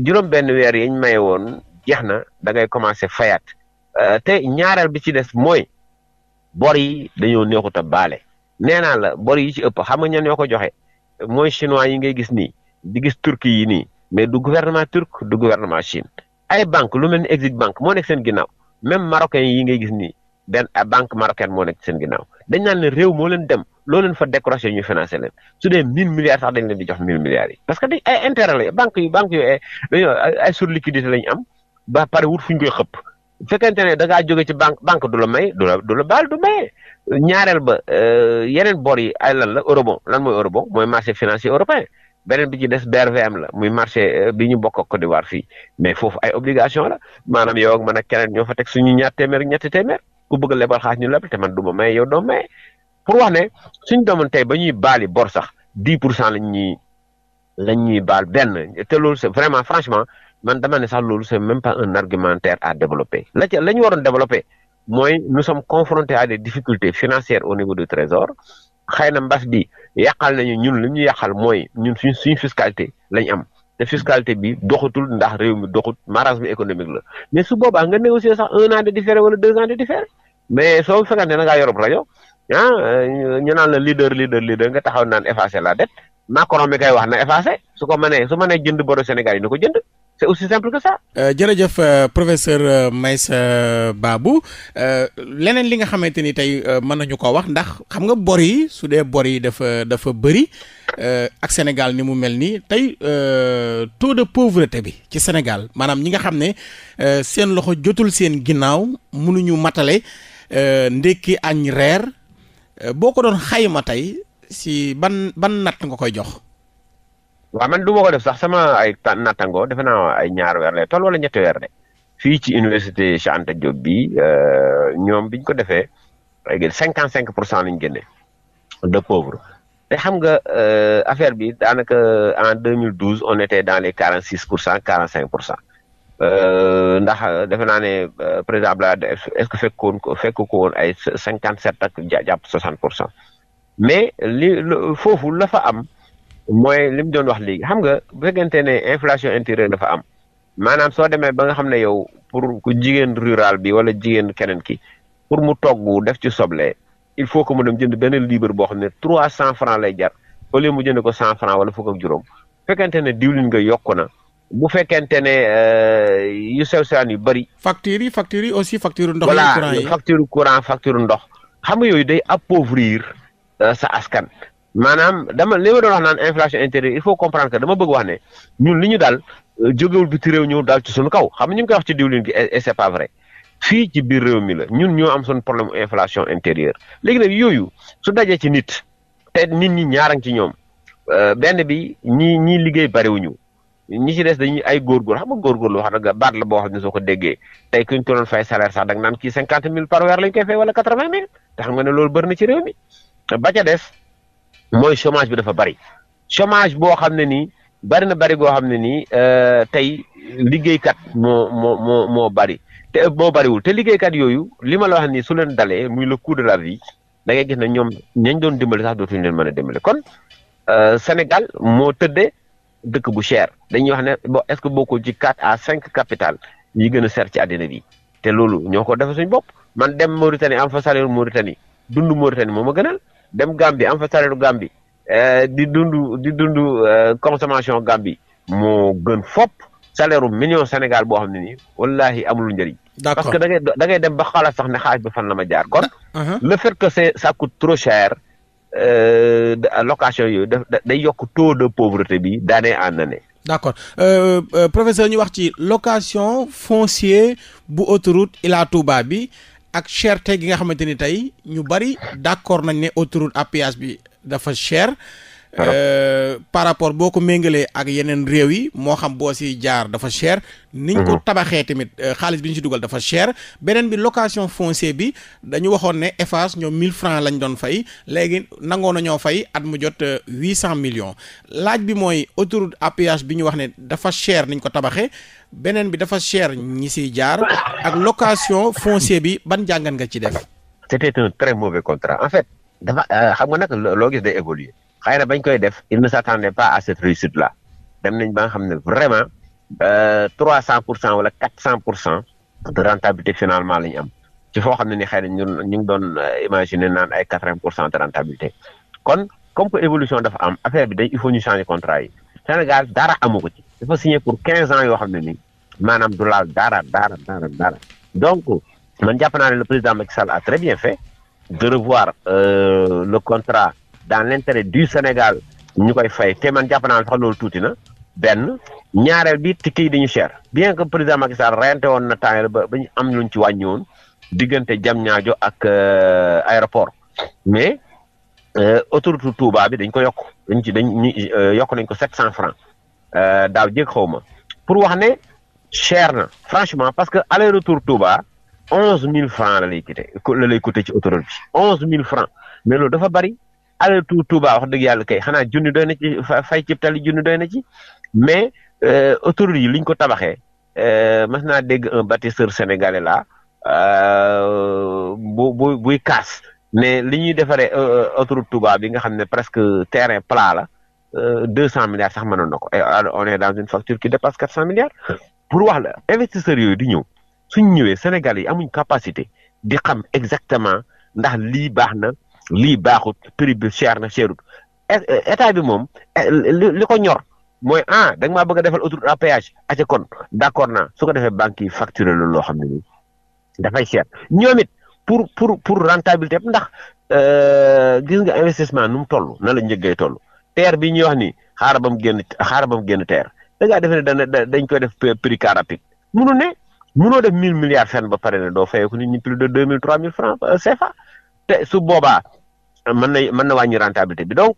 juróom weer yi maye woon jeex na da ngay commencé fayaat te ñaareel bi ci des mooy bor yi dañoo neexut a baale nee naa la bor yi ci ëpp xam nga ñan yoo ko joxe. mooy chinois yi ngay gis nii di gis turki yi ni mais du gouvernement turc du gouvernement chine ay banque lu mel ni Exit banque moo nekk seen ginnaaw même marocain yi ngay gis nii benn ah, banque marocaine moo nekk seen ginnaaw dañ naan leen réew moo leen dem loo leen fa décroché ñu financé leen su dee mille milliards sax dañ leen di jox mille milliards yi parce que dañ ay intérêt la banque yu banque yooyu dañoo ay la ñu am ba pare wut fu ñu koy xëp bu fekkente ne da ngaa jóge ci banque banque du la may du la la baal du maye ñaareel ba euh, yeneen bor yi ay lan la eurobond lan mooy eurobond mooy marché financier européen beneen bi ci des BRVM la muy marché euh, bi ñu bokk ak Côte d'Ivoire fii mais foofu ay obligation la maanaam yow ak man keneen ñoo fa teg suñu ñaar téeméer ñetti téeméer ku bëgg a lebal xaalis ñu lebal te man du ma maye yow doo maye pour wax ne suñu dooman tey ba ñuy baal baali bor sax dix pour cent lañ ñuy lañ ñuy baal benn te loolu c'est vraiment franchement man dama ne sax loolu c'est même pas un argumentaire à développer la ñu waroon développer mooy nous sommes confrontés à des difficultés financières au niveau du trésor xëy na mbas bi yàqal nañu ñun li ñu yàqal mooy ñun suñ suñ fiscalité lañ am te fiscalité bi doxatul ndax réew mi doxut marasme économique la mais su boobaa nga négocier sax un an de différé wala deux ans de différé mais soo fekkante na ngaa yorob rajo ah euh, ñu naan la leader leader leader nga taxaw naan effacer la dette Macron mi wax na effacer su ko mënee su mënee jënd boro Sénégal yi na ko jënd c'est aussi simple que ça. Euh, jërëjëf euh, professeur euh, Meissa Babou leneen li nga xamante ni tey mën nañu ko wax ndax xam nga bor yi su dee bor yi dafa dafa bëri ak Sénégal ni mu mel nii tey taux de pauvreté bi ci Sénégal maanaam ñi nga xam ne seen loxo jotul seen ginnaaw mënuñu matale ndekki añ reer boo ko doon xayma tey si ban ban natt nga koy jox. waaw man du ko def sax sama ay nattango defe naa ay ñaar weer lay toll wala ñetti weer de fii ci université Cheikh Anta bi euh, ñoom biñ ko defee cinquante cinq pour cent lañ génne de pauvres te xam nga euh, affaire bi daanaka en deux 2012 on était dans les quarante six pour cent quarante cinq pour cent euh, ndax defe naa ne président Abdoulaye est ko fekk ko woon ay cinquante sept ak jàpp soixante pour cent mais li la fa am. mooy li mu doon wax léegi xam nga bu fekkente ne inflation intérieure dafa am maanaam soo demee ba nga xam ne yow pour ku jigéen rural bi wala jigéen keneen ki pour mu togg def ci soble il faut que mu dem jënd benn libre boo xam ne trois cent franc lay jar au lieu mu jënd ko cent franc wala fukk ak juróom fekkente ne diwlin nga yokku na bu fekkente ne euh, yu sew sewaan yu bëri. factures yi factures yi aussi facture ndox. courant yi voilà facture courant ndox. xam nga yooyu day appauvrir euh, sa askan maanaam dama li ma doon wax naan inflation intérieure il faut comprendre que dama bëgg wax ne ñun li ñu daal euh, jógewul biti réew ñëw daal ci suñu kaw xam ñu ngi koy wax ci diwlin gi et c'est pas vrai fii ci biir réew mi la ñun ñoo am suñu problème inflation intérieure léegi nag yooyu su dajee ci nit te nit ñi ñaarang ci ñoom euh, benn bi ñi ñi liggéey bariwuñu ñi ci des dañuy ay góorgóor xam nga góorgóor lu wax dëgg baat la boo xam ne soo ko déggee tey kuñ naan kii cinquante mille par weer lañ koy fay wala quatre vingt mille te xam nga ba ca des mooy chômage bi dafa bari chomage boo xam ne nii bari na bari goo xam ne nii euh, tey liggéeykat moo moo moo moo bari te boo bariwul te liggéeykat yooyu li ma la wax nii su leen dalee muy le coût de la vie da ngay gis ne ñoom ñañ doon dimbali sax dootuñu leen mën a dimbali kon euh, Sénégal moo tëddee dëkk bu cher dañuy wax ne bon est-ce que bokkul ci quatre à cinq capital yi gën a cher ci àddina bi te loolu ñoo ko defee suñu bopp man dem Mauritanie am fa salaire Mauritanie dund Mauritanie moo ma gënal. dem Gambie am fa sareetu Gambie eh, di dund di dund eh, consommation Gambie moo gën fopp salaire million Sénégal boo xam ne nii wallahi amul njëriñ. d'accord parce que da ngay da ngay dem ba xalaat sax ne xaalis ba fan la ma jaar kon. Uh-huh. le fait que c'est ça coûte trop cher. Euh, location yooyu daf day yokk taux de pauvreté bi d'année en année. d'accord euh, euh ñu wax ci location foncier bu autoroute Ila Touba bi. ak cherté gi nga xamante ni tey ñu bari d'accord nañ ne autoroute à péage bi dafa cher Euh, par rapport boo ko méngalee ak yeneen réew yi moo xam boo si jaar dafa cher. niñ ko mhm. tabaxee tamit euh, xaalis bi ñu ci dugal dafa cher. beneen bi location foncière bi dañu waxoon ne Eiffage ñoom 1000 francs lañ doon fay léegi nangoo na ñoo fay at mu jot euh, cent million laaj bi mooy autoroute à bi ñu wax ne dafa cher niñ ko tabaxee beneen bi dafa cher ñi siy jaar ak location foncière bi ban jàngat nga ci def. c'était un très mauvais contrat en fait dafa xam nga nag loo gis day évoluer. xëy na bañ koy def il ne s'attendait pas à cette réussite la dem nañ ba nga xam ne vraiment euh, trois cent pour cent wala quatre cent pour cent de rentabilité finalement la ñu am ci foo xam ne ni xëy na ñu ngi doon euh, imaginer naan ay quatre-vingt pour cent de rentabilité kon comme que évolution dafa am affaire bi dañ il faut ñu changer contrat yi Sénégal dara amu ko ci dafa signé pour quinze ans yoo xam ne ni maanaam du laal daara dara dara dara donc man jàpp naa ne le président Macky Sall a très bien fait de revoir euh, le contrat dans l' intérêt du Sénégal ñu koy fay te man jàpp naa sax loolu tuuti na benn ñaareel bi tikki yi dañu cher bien que président Macky Sall reyante woon na temps ba ba ñu am luñ ci wàññi woon diggante Diamniadio ak euh, aéroport mais euh, autoroute Touba bi dañ ko yokk dañ ci dañ ñu euh, nañ ko sept cent franc daaw jéeg xaw ma pour wax ne cher na franchement parce que aller retour Touba onze mille franc la lay coûté ci autoroute onze mille franc mais loolu dafa bari alatu Touba wax dëgg yàlla kay xanaa junni doy na ci fay cib tali junni doy na ci mais euh, autoroute yi liñ ko tabaxee euh, mas naa dégg un bâtisseur sénégalais la euh, bu bu buy kaas ne li ñuy defaree autoroute Touba bi nga xam ne presque terrain plat la deux cent milliards sax mënoon na ko et on est dans une facture qui dépasse quatre cent milliards pour wax la investisseurs yooyu di ñëw suñ ñëwee Sénégal yi amuñ capacité di xam exactement ndax lii baax na. lii baaxut prix bi cher na cherut euh, état bi moom eh, li ko ñor mooy ah da maa bëgg a defal autoroute à péage aca kon d'accord naa su ko defee banque yi facturé loolu loo xam ne nii dafay cher ñoom it pour pour pour rentabilité ndax euh, gis nga investissement nu mu toll na la njëggay toll terre bi ñuy wax ni xaaral ba mu génn xaaral ba mu génn terre da ngaa defe ne dañ koy def prix car rapide munu ne munoo def mille milliards fenn ba pare ne doo fayeeku nit ñi plus de deux mille trois mille euh, te su boobaa man na mën na wàññi rentabilité bi donc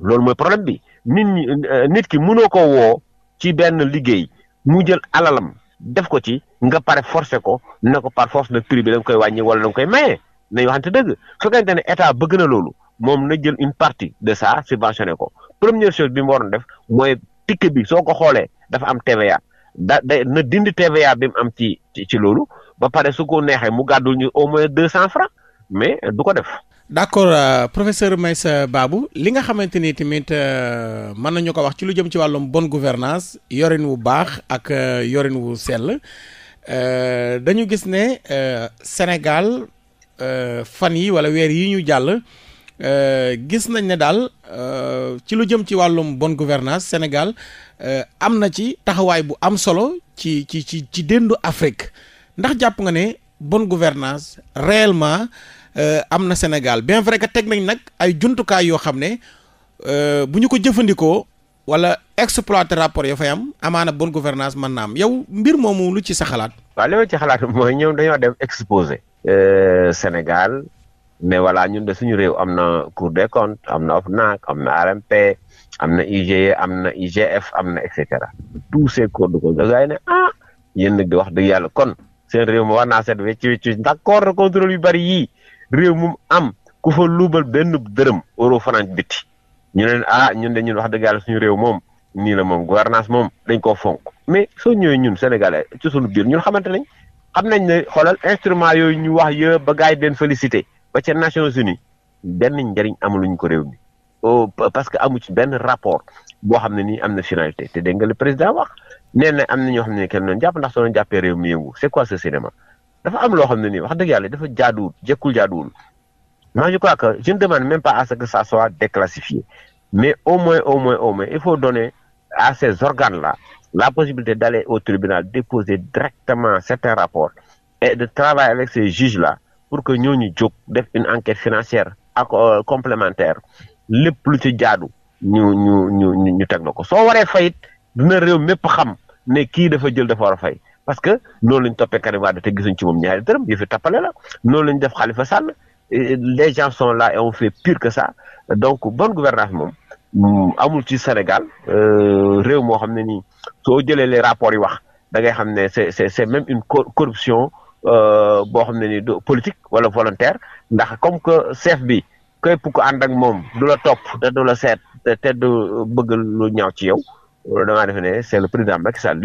loolu mooy problème bi nit ñi euh, nit ki mënoo ko woo ci benn liggéey mu jël alalam def ko ci nga pare forcé ko na ko par force nag prix bi da koy wàññi wala da nga koy maye nañu waxante dëgg fekkente ne état bëgg na loolu moom na jël une partie de ça subventionné ko première chose bi mu waroon def mooy ticket bi soo ko xoolee dafa am TVA da day na dindi TVA bi mu am ci ci loolu ba pare su ko neexee mu gàddul ñu au moins deux cent francs mais du ko def. d' accord euh, professeur Meissa Babou li nga xamante ni tamit euh, mën nañu ko wax ci lu jëm ci wàllum bon gouvernance yorin wu baax ak euh, yorin wu sell euh, dañu gis ne euh, Sénégal euh, fan yi wala weer yi ñu jàll gis nañ ne daal ci lu jëm ci wàllum bon gouvernance Sénégal am na ci taxawaay bu am solo ci ci ci ci déndu Afrique ndax jàpp nga ne bon gouvernance réellement Euh, am na Sénégal bien vrai que teg nañ nag ay jumtukaay yoo xam ne euh, bu ñu ko jëfandikoo wala exploiter rapport ya fay am amaana bonne gouvernance man naa am yow mbir moomu lu ci sa xalaat. waaw li ci xalaat mooy ñoom dañoo def exposé. Euh, Sénégal mais voilà ñun de suñu réew am na Cour des comptes am na OFNAC am na rmp am na IGE am na IGF am na et cetera tous ces cours de compte gars yi ne ah yéen nag di wax dëgg yàlla kon seen réew ma war naa seet wecc wecc d'accord contrôle yu bari yii. réew mu am ku fa luubal benn dërëm euro franc bitti ñu ne ah ñun de ñun wax dëgg yàlla suñu réew moom nii la moom gouvernance moom dañ koo fonk mais soo ñëwee ñun sénégalais ci suñu biir ñun xamante nañ xam nañ ne xoolal instrument yooyu ñu wax yëpp ba gars yi den félicité ba ca Nations uni benn njëriñ ñu ko réew mi oh, parce que amu ci benn rapport boo xam ne nii am na finalité te dégg nga le président wax nee na am na ñoo xam ne kenn doon jàpp ndax soo jàppee réew mi yëngu c'est quoi dafa am loo xam ne nii wax dëgg yàlla dafa jaaduwul jekkul jaaduwul moi je crois que je ne demande même pas à ce que ça soit mais au moins au moins au moins il faut donner à ces organes là la possibilité d'aller au tribunal déposer directement certains rapports et de travailler avec ces juges là pour que ñooñu jóg def une enquête financière ak euh, complémentaire lépp lu ci jaadu ñu ñu ñu ñu ko soo waree fayit dina réew mépp xam ne kii dafa jël dafa war a fay parce que noonu lañ toppee Karim Wade te gisuñ ci moom ñaari dërëm yëfi tappale la noonu lañ def Khalifa Sall les gens sont là et on fait pire que ça donc bonne gouvernance moom amul ci Sénégal euh, réew moo xam ne nii soo jëlee les rapports yi wax dangay xam ne c'est c'est c'est même une corruption euh, boo xam ne du politique wala volontaire ndax comme que seef bi képp ko ànd ak moom du la topp te du la seet te du bëgg lu ñaaw ci yow damaa defe ne c'est le président Macky Sall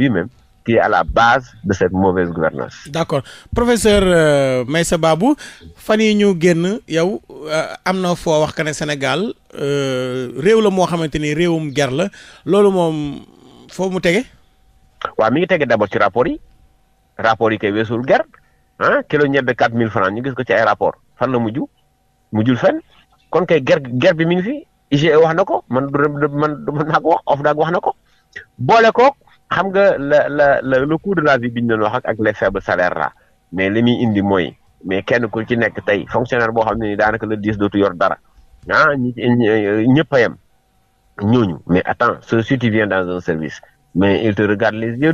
qui est à la base de cette mauvaise gouvernance d'accord professeur euh, Meissa Babou fan yi ñu génn yow euh, am na foo wax que ne Sénégal euh, réew la moo xamante ni réewum ger la loolu moom foo mu tege waa mi ngi tege d'abord ci rapport yi rapport yi koy weesul ger ah kilo ñebbe quatre mille francs ñu gis ko ci ay rapport fan la mujj mujjul fenn kon kay ger bi mi ngi fi IGE wax na ko man du man naa ko wax wax na ko boole ko xam nga la la la le coût de la vie bi wax ak ak les faibles salaires mais li muy indi mooy mais kenn ku ci nekk tey fonctionnaire boo xam ne ni daanaka le dix dootu yor dara ah ñi ñëpp a yem ñooñu mais attends si tu viens dans un service mais il te regarde les yeux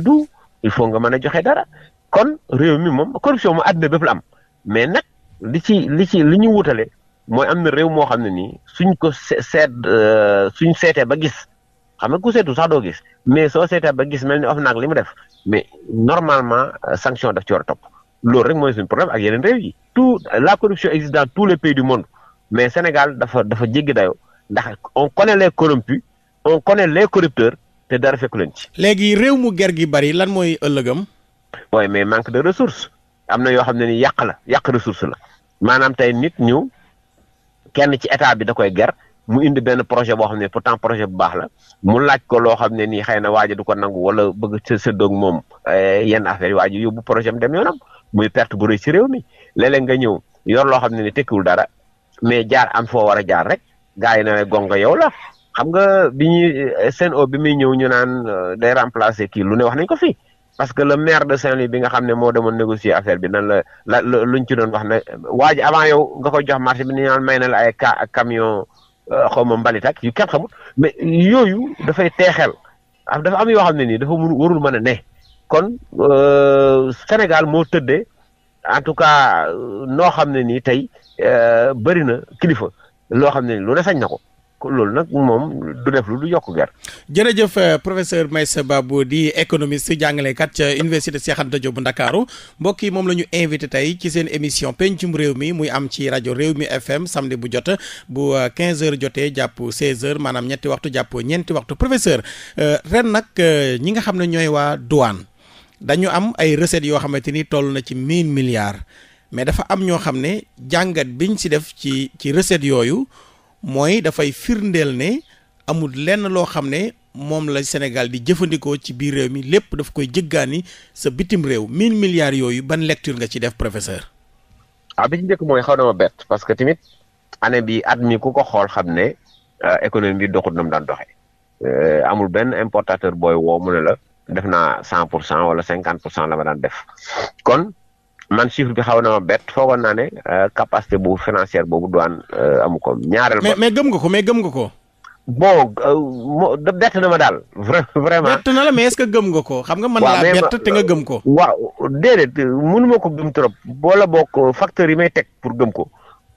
il faut nga mën a joxe dara kon réew mi moom corruption mu àddina bépp la am mais nag li ci li ci li ñu wutale mooy am na réew moo xam ne nii suñ ko seet euh, suñ seetee ba gis xam nga ku seetu sax doo gis mais soo seetee ba gis mel ni OFNAC li ma def mais normalement sanction daf ci war a topp loolu rek mooy suñu problème ak yeneen réew yi tout la corruption existe dans tous les pays du monde mais Sénégal dafa dafa jéggi dayoo ndax on connaît les corrompus on connaît les corrupteurs te dara fekku leen ci. léegi réew mu ger gi bari lan mooy ëllëgam. oui mais manque de ressources am na yoo xam ne ni yàq la yàq ressource la maanaam tey nit ñëw kenn ci état bi da koy ger mu indi benn projet boo xam ne pourtant projet bu baax la mu laaj ko loo xam ne nii xëy na waaja du ko nangu wala bëgg sa sëddoog moom eh, yenn affaire yi waaji yóbbu projet am dem yoonam muy perte bu rëy si réew mi léeg-léeg nga ñëw yor loo xam ne ni tekkiwul dara mais jaar am foo war a jaar rek gars yi na gonga yow la xam nga bi ñuy CNO eh, bi muy ñëw ñu naan eh, day remplacer kii lu ne wax nañ ko fi parce que le maire de saint bi nga xam ne moo demoon négocier affaire bi nan la la ci doon wax ne waa avant yow nga koy jox marché bi ni naan may na la ay camion Euh, xaw ma mbalit ak yu kenn xamul mais yooyu dafay teexel am dafa am yoo xam ne nii dafa mun warul mën a ne kon euh, Sénégal moo tëddee en tout cas euh, noo xam ne nii tey bëri na kilifa loo xam ne nii lu ne sañ na ko. loolu nag moom du def lu du yokk ger jërëjëf euh, professeur Meissa Babou di économiste jàngalekat ca université Cheikh Anta Diop bu Ndakaaru mbokk yi moom la ñu invité tey ci seen émission pencum réew mi muy am ci rajo réew mi FM samedi bu jot bu euh, quinze heures jotee jàpp 16 heures maanaam ñetti waxtu jàppoo ñeenti waxtu professeur euh, ren nag ñi nga xam ne ñooy waa douane dañu am ay recettes yoo xamante ni toll na ci 1000 milliards mais dafa am ñoo xam ne jàngat biñ si def ci ci recettes yooyu. mooy dafay firndeel ne amul lenn loo xam ne moom la Sénégal di jëfandikoo ci biir réew mi lépp daf koy jëggaani sa bitim réew mille milliards yooyu ban lecture nga ci def professeur. ah bi ci njëkk mooy xaw na ma bett parce que tamit année bi at mi ku ko xool xam ne euh, économie bi doxut na mu daan doxee. Euh, amul benn importateur booy woo mu ne la def naa cent pour cent wala cinquante pour cent la ma daan def kon. man chiffre bi xaw na ma bett foogoon naa ne euh, capacité bu financière boobu douane euh, amu ko ñaareel. mais mais gëm nga ko mais gëm nga ko. bon euh, moo bett na ma daal. vraiment bett na la mais est-ce que gëm nga ko. xam nga mën naa bett te nga gëm ko. waaw déedéet mënuma ko gëm trop. boola bokk facteurs yi may teg pour gëm ko.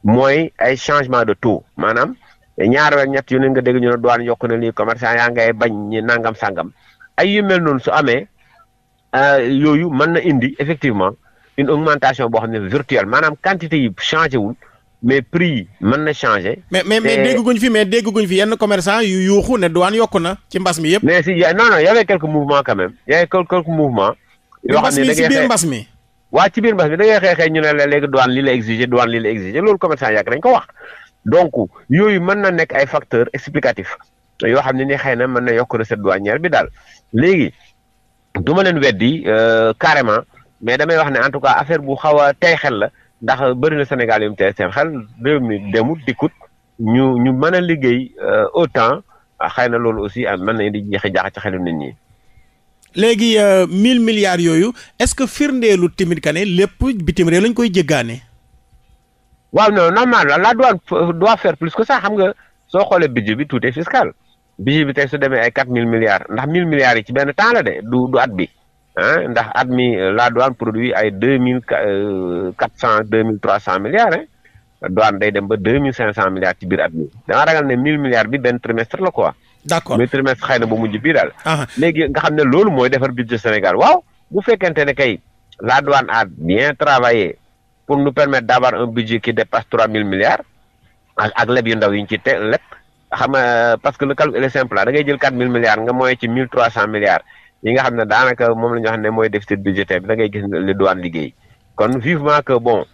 mooy ay changement de toux maanaam ñaar ak ñett yu ne nga dégg ñu ne douane yokk na lii commerçant yaa ngay bañ ñi nangam sangam ay yu noonu su amee yooyu mën na indi effectivement. une augmentation boo xam ne virtuelle maanaam quantité yi changé wul mais prix mën na changé. mais mais mais dégguñu fi mais dégguñu fi yenn commerçant yu yuuxu ne douane yokku na ci mbas mi yëpp. mais si non non y avait quelques mouvements da ngay xee mbas mi si biir mbas mi. waa la exigé douane lii la exigé loolu commerçant yàgg nañ ko wax donc yooyu mën na nekk ay facteurs explicatifs yoo xam ne ni xëy mën na yokk recette douanière bi daal léegi du ma leen weddi euh, carrément mais damay wax ne en tout cas affaire bu xawa tey xel la ndax bëri na Sénégal yu mu tey seen xel réew mi demut dikkut ñu ñu mën a liggéey euh, autant ah, xëy na loolu aussi ah, mën na indi jeexi jaax ci xelu nit ñi. léegi euh, mille milliards yooyu est-ce que firndeelu timit ka ne lépp bitim réew lañ koy jéggaane. waaw non normal la la douane doit faire plus que ça xam nga soo xoolee budget bi tout est fiscal budget bi tey su demee ay quatre mille milliards ndax mille milliards yi ci benn temps du du at bi. ah ndax at mi euh, la douane produit ay deux mille euh, quatre cent deux mille trois cent milliards hein douane day dem ba deux mille cinq cent milliards ci biir at mi damaa ragal ne mille milliards bi benn trimestre la quoi. d'accord mais trimestre xëy na ba mujj bii daal. Ah. léegi nga xam ne loolu mooy defar budget Sénégal waaw bu fekkente ne kay la douane a bien travaillé pour nous permettre d'avoir un budget qui dépasse trois mille milliards ak leb yu ndaw yi ñu ci te leb xam parce que le calcul yi nga xam ne daanaka moom la ñu xam ne mooy déficit budgétaire bi da ngay gis li douane liggéey kon vivement que bon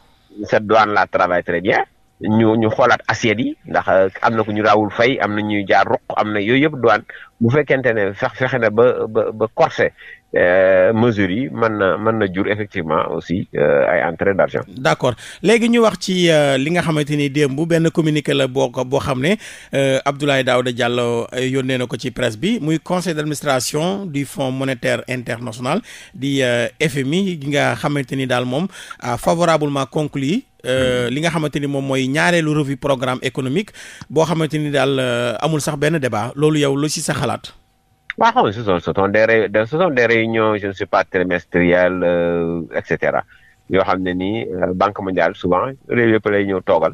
cette douane là travaille très bien ñu ñu xoolaat assiette yi ndax euh, am na ku ñu raawul fay am na ñuy jaar ruq am na yooyu yëpp douane bu fekkente ne fex fexe na ba ba ba corsé Euh, mesures yi mën na man na jur effectivement aussi euh, ay entrées d'argent. d'accord léegi ñu wax ci euh, li nga xamante ni démb benn communiqué la boo ko boo xam ne Abdoulaye Daouda jàll yónnee na ko ci presse bi muy conseil d'administration du Fonds monétaire international di FMI gi nga xamante ni daal moom favorablement conclu li nga xamante ni moom mooy ñaareelu revue programme économique boo xamante ni daal amul sax benn débat loolu yow lu si sa xalaat. waaw xam nga ce sont ce sont des ce sont des réunions je ne suis pas trimestrielles eh, et cetera yoo xam ne nii eh, banque mondiale souvent réew yëpp lay ñëw toogal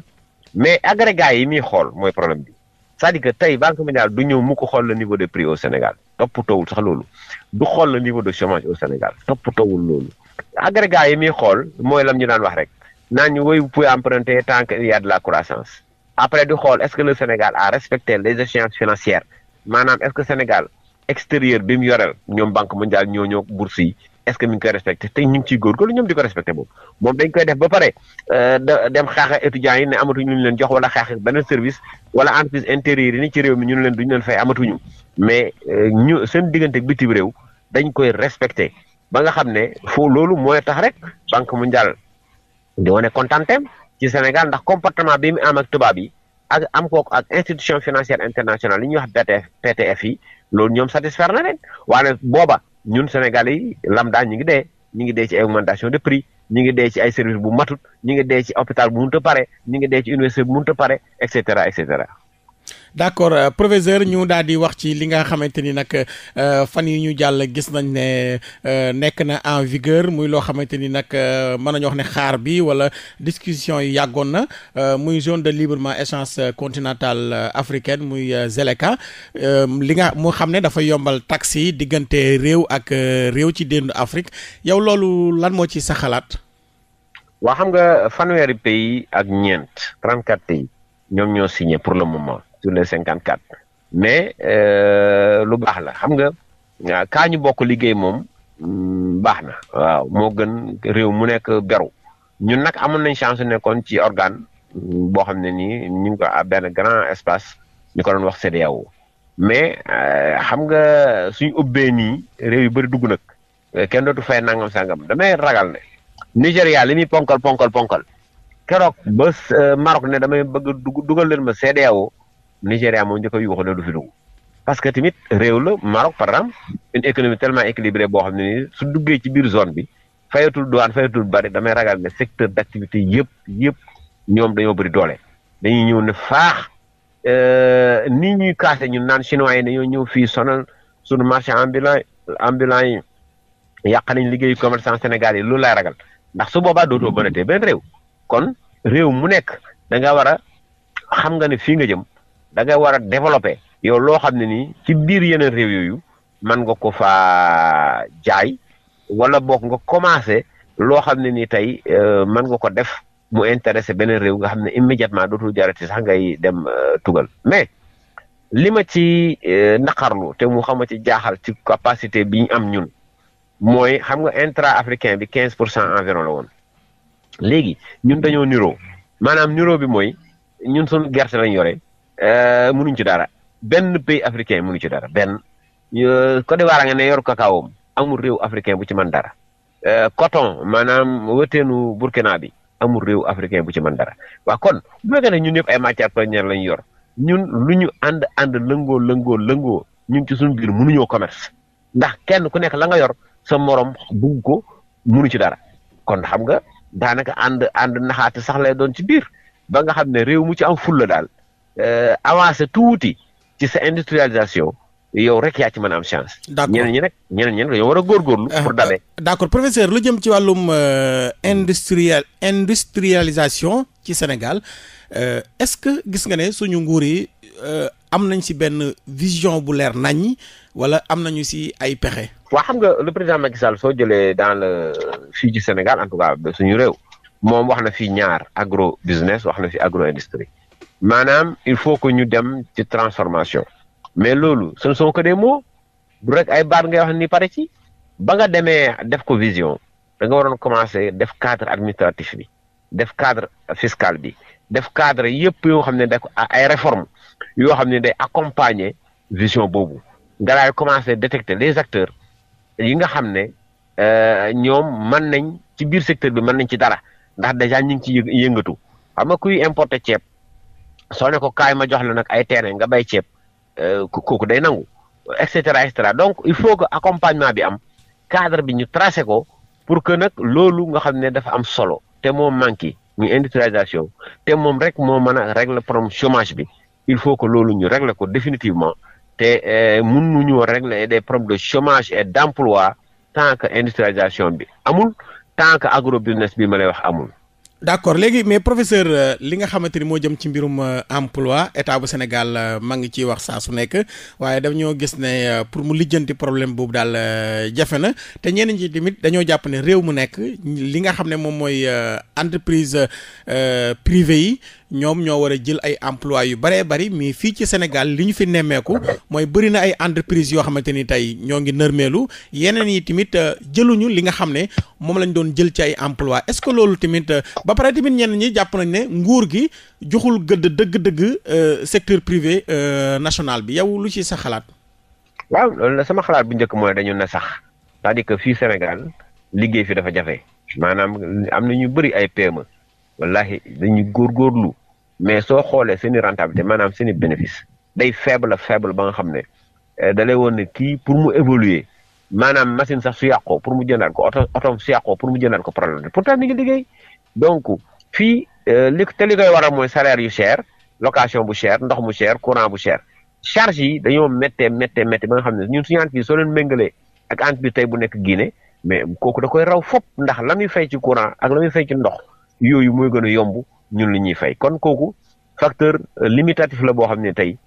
mais agrégats yi muy xool mooy problème bi cest à que tey banque mondiale du ñëw mu ko xool le niveau de prix au Sénégal toppatoowul sax loolu du xool la niveau de chômage au Sénégal toppatoowul loolu agrégats yi muy xool mooy lam ñu daan wax rek naan ñu woy vous pouvez emprunter tant qu'il y a de la croissance après du xool est le Sénégal a respecté les échéances financières maanaam est-ce extérieur bi mu yoreel ñoom banque mondiale ñoo ñoo bourse yi est-ce que mi ngi koy respecté te ñu ngi ciy góorgóorlu ñoom di ko respecté boobu moom dañ koy def ba pare euh, dem xaaxa étudiants yi ne amatuñu lu leen jox wala xaaxa beneen service wala entreprise intérieure yi ni ci réew mi ñun leen duñu leen fay amatuñu mais euh, ñu seen diggante ak bitim réew dañ koy respecté ba nga xam ne foo loolu mooy tax rek banque mondiale di wane kontaanteem ci Sénégal ndax comportement bi mu am tubaab yi ak am ko ak institution financière internationale li ñuy wax PTF PTF yi loolu ñoom satisfaire na leen waaye booba ñun Sénégal yi lambda ñu ngi dee ñu ngi dee ci ay augmentation de prix ñu ngi dee ci ay service bu matut ñu ngi dee ci hôpital bu mënut a pare ñu ngi dee ci université bu mënut a pare et cetera et cetera. d' accord euh, professeur ñu daal di wax ci li nga xamante ni nag euh, fan yi ñu jàll gis nañ ne euh, nekk na en vigueur muy loo xamante ni nag euh, mën nañu wax ne xaar bi wala discussion yi yàggoon na muy zone de librement échange continentale africaine muy ZLECA li nga mu xam ne dafa yombal taxi diggante réew ak réew ci déndu Afrique yow loolu lan moo ci sa xalaat. waa xam nga fanweeri pays ak ñeent 34 pays ñoom ñoo signé pour le moment. sur les cinquante quatre mais euh, lu baax la xam nga ah, kaañu bokk liggéey moom mm, baax na waaw moo gën réew mu nekk beru ñun nag amoon nañ chance nekkoon ci organe mm, boo xam ne nii ñu ngi ko à ah, benn grand espace ñu ko doon wax CEDEAO mais euh, xam nga suñ ubbee ni réew yu bëri dugg nag kenn dootu fay nangam sangam damay ragal ne Nigéria li muy ponkal ponkal ponkal keroog ba euh, Maroc ne damay bëgg dugg dugal leen ma CEDEAO Nigéria moom njëkk a yuuxu ne du fi dugg parce que tamit réew la Maroc par exemple une économie tellement équilibrée boo xam ne nii su duggee ci biir zone bi fayatul douane fayatul bari damay ragal ne secteur d' activité yëpp yëpp ñoom dañoo bëri doole dañuy ñëw ne faax euh, nii ñuy kaase ñun naan chinois yi dañoo ñëw fii sonal suñu marché ambulant ambulant yi yàq nañ liggéeyu commerçant Sénégal yi loolu laay ragal ndax su boobaa dootoo mënatee benn réew kon réew mu nekk da war a xam nga ne fii nga jëm da ngay war a développé yow loo xam ne nii ci biir yeneen réew yooyu mën nga ko faa jaay wala book nga commencé loo xam ne nii tey euh, mën nga ko def mu intéressé beneen réew nga xam ne immédiatement dootul jarati sax ngay dem euh, tugal mais li ma ci euh, naqarlu te mu xama ci jaaxal ci capacité bi am ñun mooy xam nga intra africain bi quinze pour cent environ la woon léegi ñun dañoo niroo maanaam niroo bi mooy ñun suñu gerte lañ yore Euh, mënuñ ci dara benn pays africain mënu ci dara benn Côte d'Ivoire nga ne yor cacao amul réew africain bu ci mën dara euh, coton maanaam wëteenu Burkina bi amul réew africain bu ci mën dara waaw kon bu fekkee ne ñun ñëpp ay matières premières lañ yor ñun lu ñu ànd ànd lëngoo lëngoo lëngoo ñun ci suñu biir mënuñoo commerce ndax kenn ku nekk la nga yor sa morom bugg ko mënu ci dara kon xam nga daanaka ànd ànd naxaate sax lay doon ci biir ba nga xam ne réew mu ci am fulla daal Euh, avancé tuuti ci sa industrialisation yow rek yaa ci mën a am chance. d'accord ñeneen ñi rek ñeneen ñi nag dañoo war a góorgóorlu. Euh, pour dabe euh, d'accord professeur lu jëm ci wàllum industrial industrialisation ci Sénégal est-ce que gis nga ne suñu nguur yi am nañ si benn vision bu leer nañ wala am nañu si ay pexe. waa xam nga le président Macky soo jëlee dans le fii ci Sénégal en tout cas suñu réew moom wax na fi ñaar agro business wax na fi agro industrie. maanaam il faut que ñu dem ci transformation mais loolu ce ne sont que des mots rek ay baat nga wax ni pare ci ba nga demee def ko vision da nga waroon commencer def cadre administratif bi def cadre fiscal bi def cadre yëpp yoo xam ne da ay réformes yoo xam ne day accompagner vision boobu nga daal commencer détecter les acteurs yi nga xam ne euh, ñoom mën nañ ci biir secteur bi mën nañ ci dara ndax déjà ñu ngi ci yëngatu xam nga kuy ceeb. soo ne ko kaay ma jox la nag ay terrain nga bay ceeb euh, kooku day nangu et cetera et cetera donc il faut que accompagnement bi am cadre bi ñu tracé ko pour que nag loolu nga xam ne dafa am solo te moom manqué muy industrialisation te moom rek moo mën a régler problème chômage bi il faut que loolu ñu régler ko définitivement te euh, mënuñu régler des problèmes de chômage et d' emploi tant que industrialisation bi amul tant que agro business bi ma lay wax amul. d'accord léegi mais professeur euh, li nga xamante ni moo jëm ci mbirum euh, emploi état bu Sénégal euh, maa ngi ciy wax saa su nekk waaye ñoo gis ne pour mu lijjanti problème boobu daal jafe na te ñenn ñi tamit dañoo jàpp ne réew mu nekk li nga xam ne moom mooy entreprise privée yi. ñoom ñoo war a jël ay emploi yu baree bari mii fii ci Sénégal li ñu fi nemmeeku mooy bëri na ay entreprise yoo xamante ni tey ñoo ngi nërmeelu yeneen yi tamit euh, jëluñu li nga xam ne moom lañu doon jël ci ay emploi est-ce que loolu tamit euh, ba pare tamit ñenn ñi jàpp nañ ne nguur gi joxul gëdd dëgg-dëgg euh, secteur privé national bi yow lu ci sa xalaat waaw loolu sama xalaat bu njëkk mooy dañu ne sax c'est-à-dire fii Sénégal liggéey fi dafa jafe maanaam am na ñu bëri ay PME wallahi dañuy góorgóorlu mais soo xoolee seen i maanaam seeni bénéfice day faible faible ba nga xam ne eh, da lay woon ne kii pour mu évoluer maanaam machine sax su yàqoo pour mu jëndaat ko oto oto su yàqoo pour mu jëndaat ko problème pourtant ni ngi liggéey donc fii eh, li te li koy waral mooy salaire yu cher location bu cher ndox mu cher courant bu cher charge yi dañoo méttee méttee méttee ba nga xam ne ñun suñu entreprise soo leen méngalee ak entreprise tey bu nekk Guinée mais kooku da koy raw fop ndax la muy fay courant ak la muy fay ndox yooyu mooy gën a yomb ñun li ñuy fay kon kooku facteur euh, limitatif la boo xam ne tey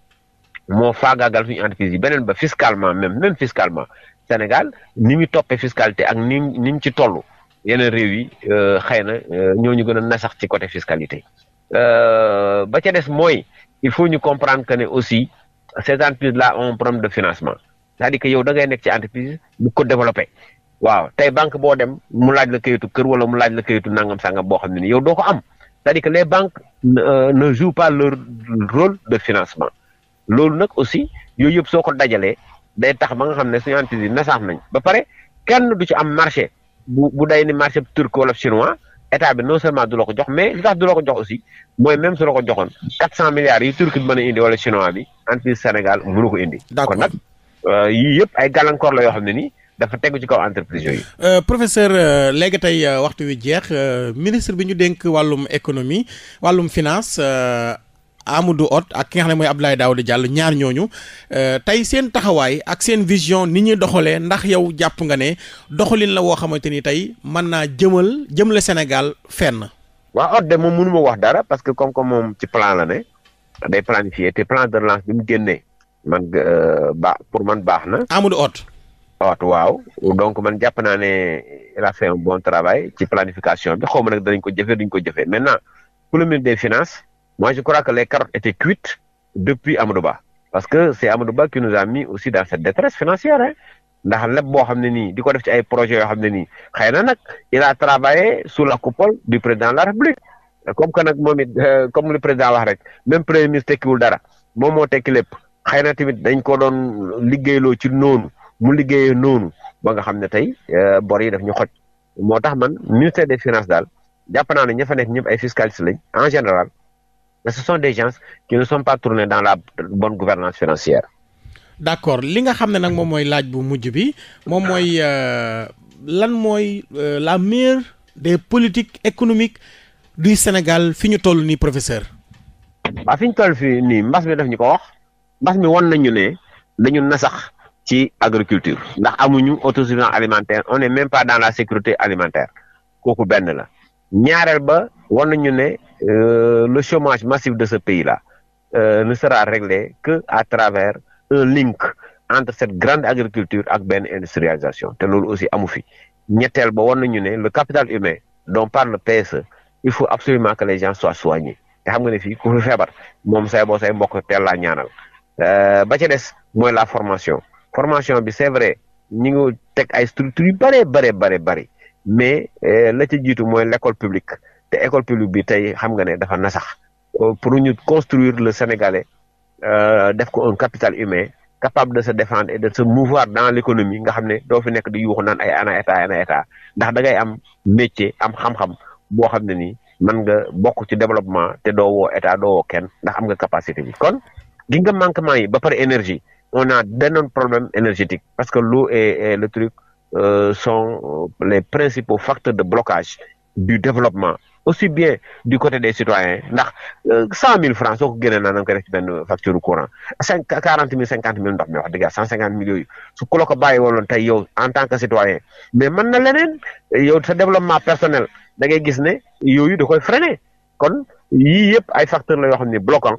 moo faagaagal suñu entreprise yi beneen ba fiscalement même même fiscalement Sénégal ni mu toppee fiscalité ak ni ni ci toll yeneen réew yi euh, xëy na euh, ñu gën a nasax ci côté fiscalité ba ca des mooy il faut ñu comprendre que ne aussi ces entreprises là ont un de financement cest dikk dire yow da ngay nekk ci entreprise bu ko développé waaw tey banque boo dem mu laaj la kayitu kër wala mu laaj la kayitu nangam sangam boo xam ne ni yow doo ko am c'est-à-dire que les banques euh, ne pas leur rôle de financement loolu nag aussi yooyu yëpp soo ko dajalee day tax ba nga xam ne suñu entreprise nasaax nañ ba pare kenn du ci am marché bu bu day ni marché turc wala chinois état bi non seulement du la ko jox mais li tax du la ko jox aussi mooy même su la ko joxoon quatre cent milliards yi turc bi mën a indi wala chinois bi entreprise Sénégal mënu ko indi. kon nag euh, yii yëpp ay gàllankoor la yoo xam ne nii. dafa tegu ci kaw entreprise yooyu. Euh, professeur euh, léegi tey euh, waxtu wi jeex ministre bi ñu dénk wàllum économie wàllum finance. Amadou Hott ak ki nga xam ne mooy daaw di jàll ñaar ñooñu tey seen taxawaay ak seen vision ni ñuy doxalee ndax yow jàpp nga ne doxalin la woo xamante ni tey mën naa jëmal jëmle Sénégal fenn. waa Hott de moom mënu wax dara parce que comme que moom ci plan la ne day planifier te plan de relance bi mu génnee man ba pour man baax na. Amadou Hott. waaw donc man jàpp naa ne il a fait un bon travail ci planification bi xaw ma nag danañ ko jëfee duñ ko jëfee maintenant pour le ministre des finances moi je crois que les carottes étaient cuites depuis Amadou parce que c' est Amadou Ba qui nous aussi dans cette détresse financière hein ndax lépp boo xam ne nii di ko def ci ay projets yoo xam ne nii xëy na nag il a travaillé sous la coupole du président de la République comme que nag moom it euh, comme le président wax rek même premier ministre tekkiwul dara moom moo tekki lépp xëy na tamit dañ ko doon liggéeyloo ci noonu. mu liggéeyee noonu ba nga xam ne tey euh, bor yi daf ñu xoj moo tax man ministère des finances daal jàpp naa ne ña fa nekk ñëpp ay fiscalistes lañ en général mais ce sont des gens qui ne sont pas tournés dans la bonne gouvernance financière. d'accord li nga xam ne nag moom mooy laaj bu mujj bi moom mooy euh, lan mooy euh, la meilleure des politiques économiques du Sénégal fi ñu toll nii professeur. waaw fi ñu toll fii nii mbas mi daf ñu ko wax mbas mi won nañu ne dañu nasax. ci agriculture ndax amuñu autosuffisance alimentaire on n'est même pas dans la sécurité alimentaire kooku benn la ñaareel ba war nañu ne euh, le chômage massif de ce pays là euh, ne sera réglé que à travers un link entre cette grande agriculture ak benn industrialisation te loolu aussi amu fi ñetteel ba war nañu ne le capital humain dont par le PSE il faut absolument que les gens soient soignés te xam nga ne fi ku fi feebar moom say boo say mbokk teel laa ñaanal euh, ba ci des mooy la formation formation bi c'est vrai ñi ngi teg ay structures yu bëree bare bare bëri mais euh, la ca jiitu mooy l'école publique te école publique bi tey xam nga ne dafa nasax euh, pour ñu construire le sénégalais euh, def ko un capital humain capable de se défendre et de se mouvoir dans l'économie nga xam ne doo fi nekk di yuuxu naan ay ana état ana état ndax da ngay am métier am xam-xam boo xam ne ni mën nga bokk ci développement te doo woo état doo woo kenn ndax am nga capacité bi kon on a d'énormes problème énergétiques parce que l'eau et, et le truc euh, euh, les principaux facteurs de blocage du développement aussi bien du côté des citoyens ndax euh, cent mille francs soo ko génnee naa nanga koy def ci benn facture courant cinq quarante mille cinquante mille ndox mi wax dëgg yàlla cent cinquante mille yooyu su ku la ko bàyyi woon tey yow en tant que citoyen mais man na leneen yow sa développement personnel da gis ne yooyu da koy freiner kon yii yëpp ay facteurs la yoo xam ne bloquant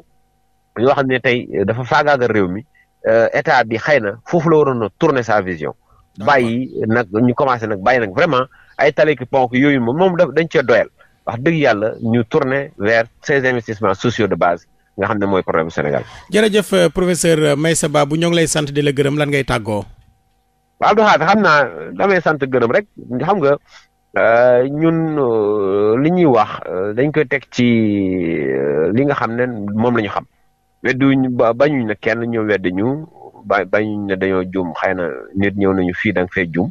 yoo xam ne tey dafa faagaagal réew mi Euh, état bi xëy na foofu la waroon a tourner sa vision. bàyyi nag ñu commencé nag bàyyi nag vraiment ay tali ki ponk yooyu moom dañ cee doyal wax dëgg yàlla ñu tourner vers ces investissements sociaux de base nga xam ne mooy problème Sénégal. jërëjëf euh, professeur Meissa bu ñoo ngi lay sant di la gërëm lan ngay tàggoo. waaw xam naa damay sant gërëm rek nga xam nga euh, ñun li ñuy wax dañ koy teg ci li nga xam ne moom la ñu xam. weddiwuñu ba bañuñ na kenn ñëw weddi ñu ba bañuñ ne dañoo juum xëy na nit ñëw nañu fii danga fee fay juum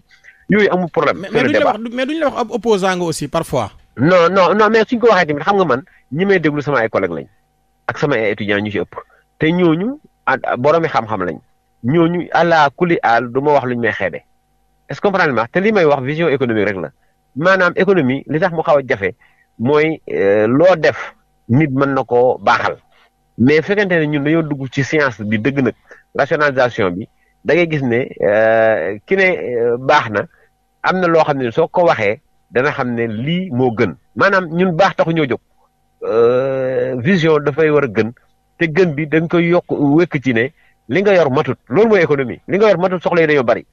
yooyu amul problème. mais duñ la wax mais wax ab opposant nga aussi parfois. non non non mais suñ ko waxee tamit xam nga man ñi may déglu sama ay collègues lañ ak sama ay étudiants ñu ci ëpp te ñooñu boroomi xam-xam lañ ñu àlla kuli àll du ma wax luñ may xeebe est-ce que comprendre ma te lii may wax vision économique rek la maanaam économie li tax mu xaw a jafe mooy euh, loo def nit mën na koo baaxal. mais fekkente ne ñun dañoo dugg ci science bi dëgg nag rationalisation bi dangay gis ne euh, ki ne euh, baax na am na loo xam ne soo ko waxee dana xam ne lii moo gën maanaam ñun baax taxu ñoo jóg euh, vision dafay war a gën te gën bi dañ koy yokk wekk ci ne li nga yor matut loolu mooy économie li nga yor matut soxla yi dañoo bari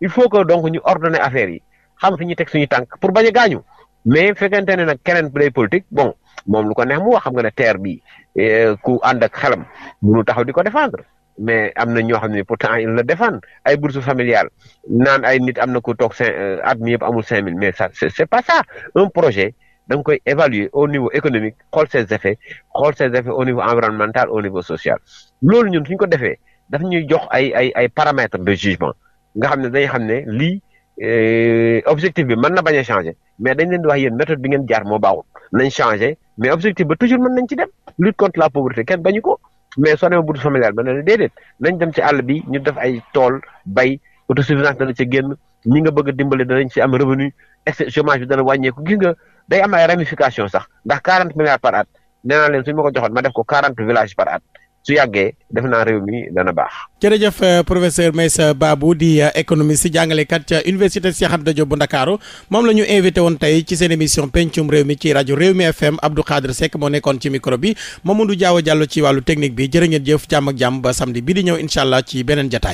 il faut que donc ñu ordonner affaire yi xam fi ñu teg suñu tànk pour bañ gaañu mais fekkente ne nag keneen bu day politique bon moom lu ko neex mu wax xam nga ne terre bi eh, ku ànd ak xelam munu taxaw di ko défendre mais am na ñoo xam ne pourtant il la défendre ay bourse familial naan ay nit am na ku toog cinq euh, at mi yëpp amul cinq mille mais ça c' est pas ça un projet da koy évaluer au niveau économique xool ses effets xool ses effets au niveau environnemental au niveau social loolu ñun ñu ko defee daf ñuy jox ay ay ay paramètres de jugement nga xam ne dañuy xam ne lii Euh, objectif bi mën na bañ a changer mais dañ leen di wax yéen méthode bi ngeen jaar moo baaxul nañ changer mais objectif ba toujours mën nañ ci dem lutte contre la pauvreté kenn bañu ko mais soo demee buddu familial ba ne la nañ dem ci àll bi ñu def ay tool bay autosuffisance dana ci génn ñi nga bëgg a dimbale danañ ci am revenu chômage bi dana wàññeeku gis nga day am ay ramification sax ndax 40 milliards par at nee leen suñu ma ko joxoon su yàggee def naa réew mi dana baax. jërëjëf euh, professeur Meissa Babou di euh, économiste jàngalekat ca université Cheikh Anta Diop bu Ndakaaru moom la ñu invité woon tey ci seen émission pencum réew mi ci rajo réew mi FM Abdou Khadre Seck moo nekkoon ci micro bi Mamadou Diaw Diallo ci wàllu technique bi jërë ngeen jëf jàmm ak jàmm ba samedi bi di ñëw incha allah ci beneen jataay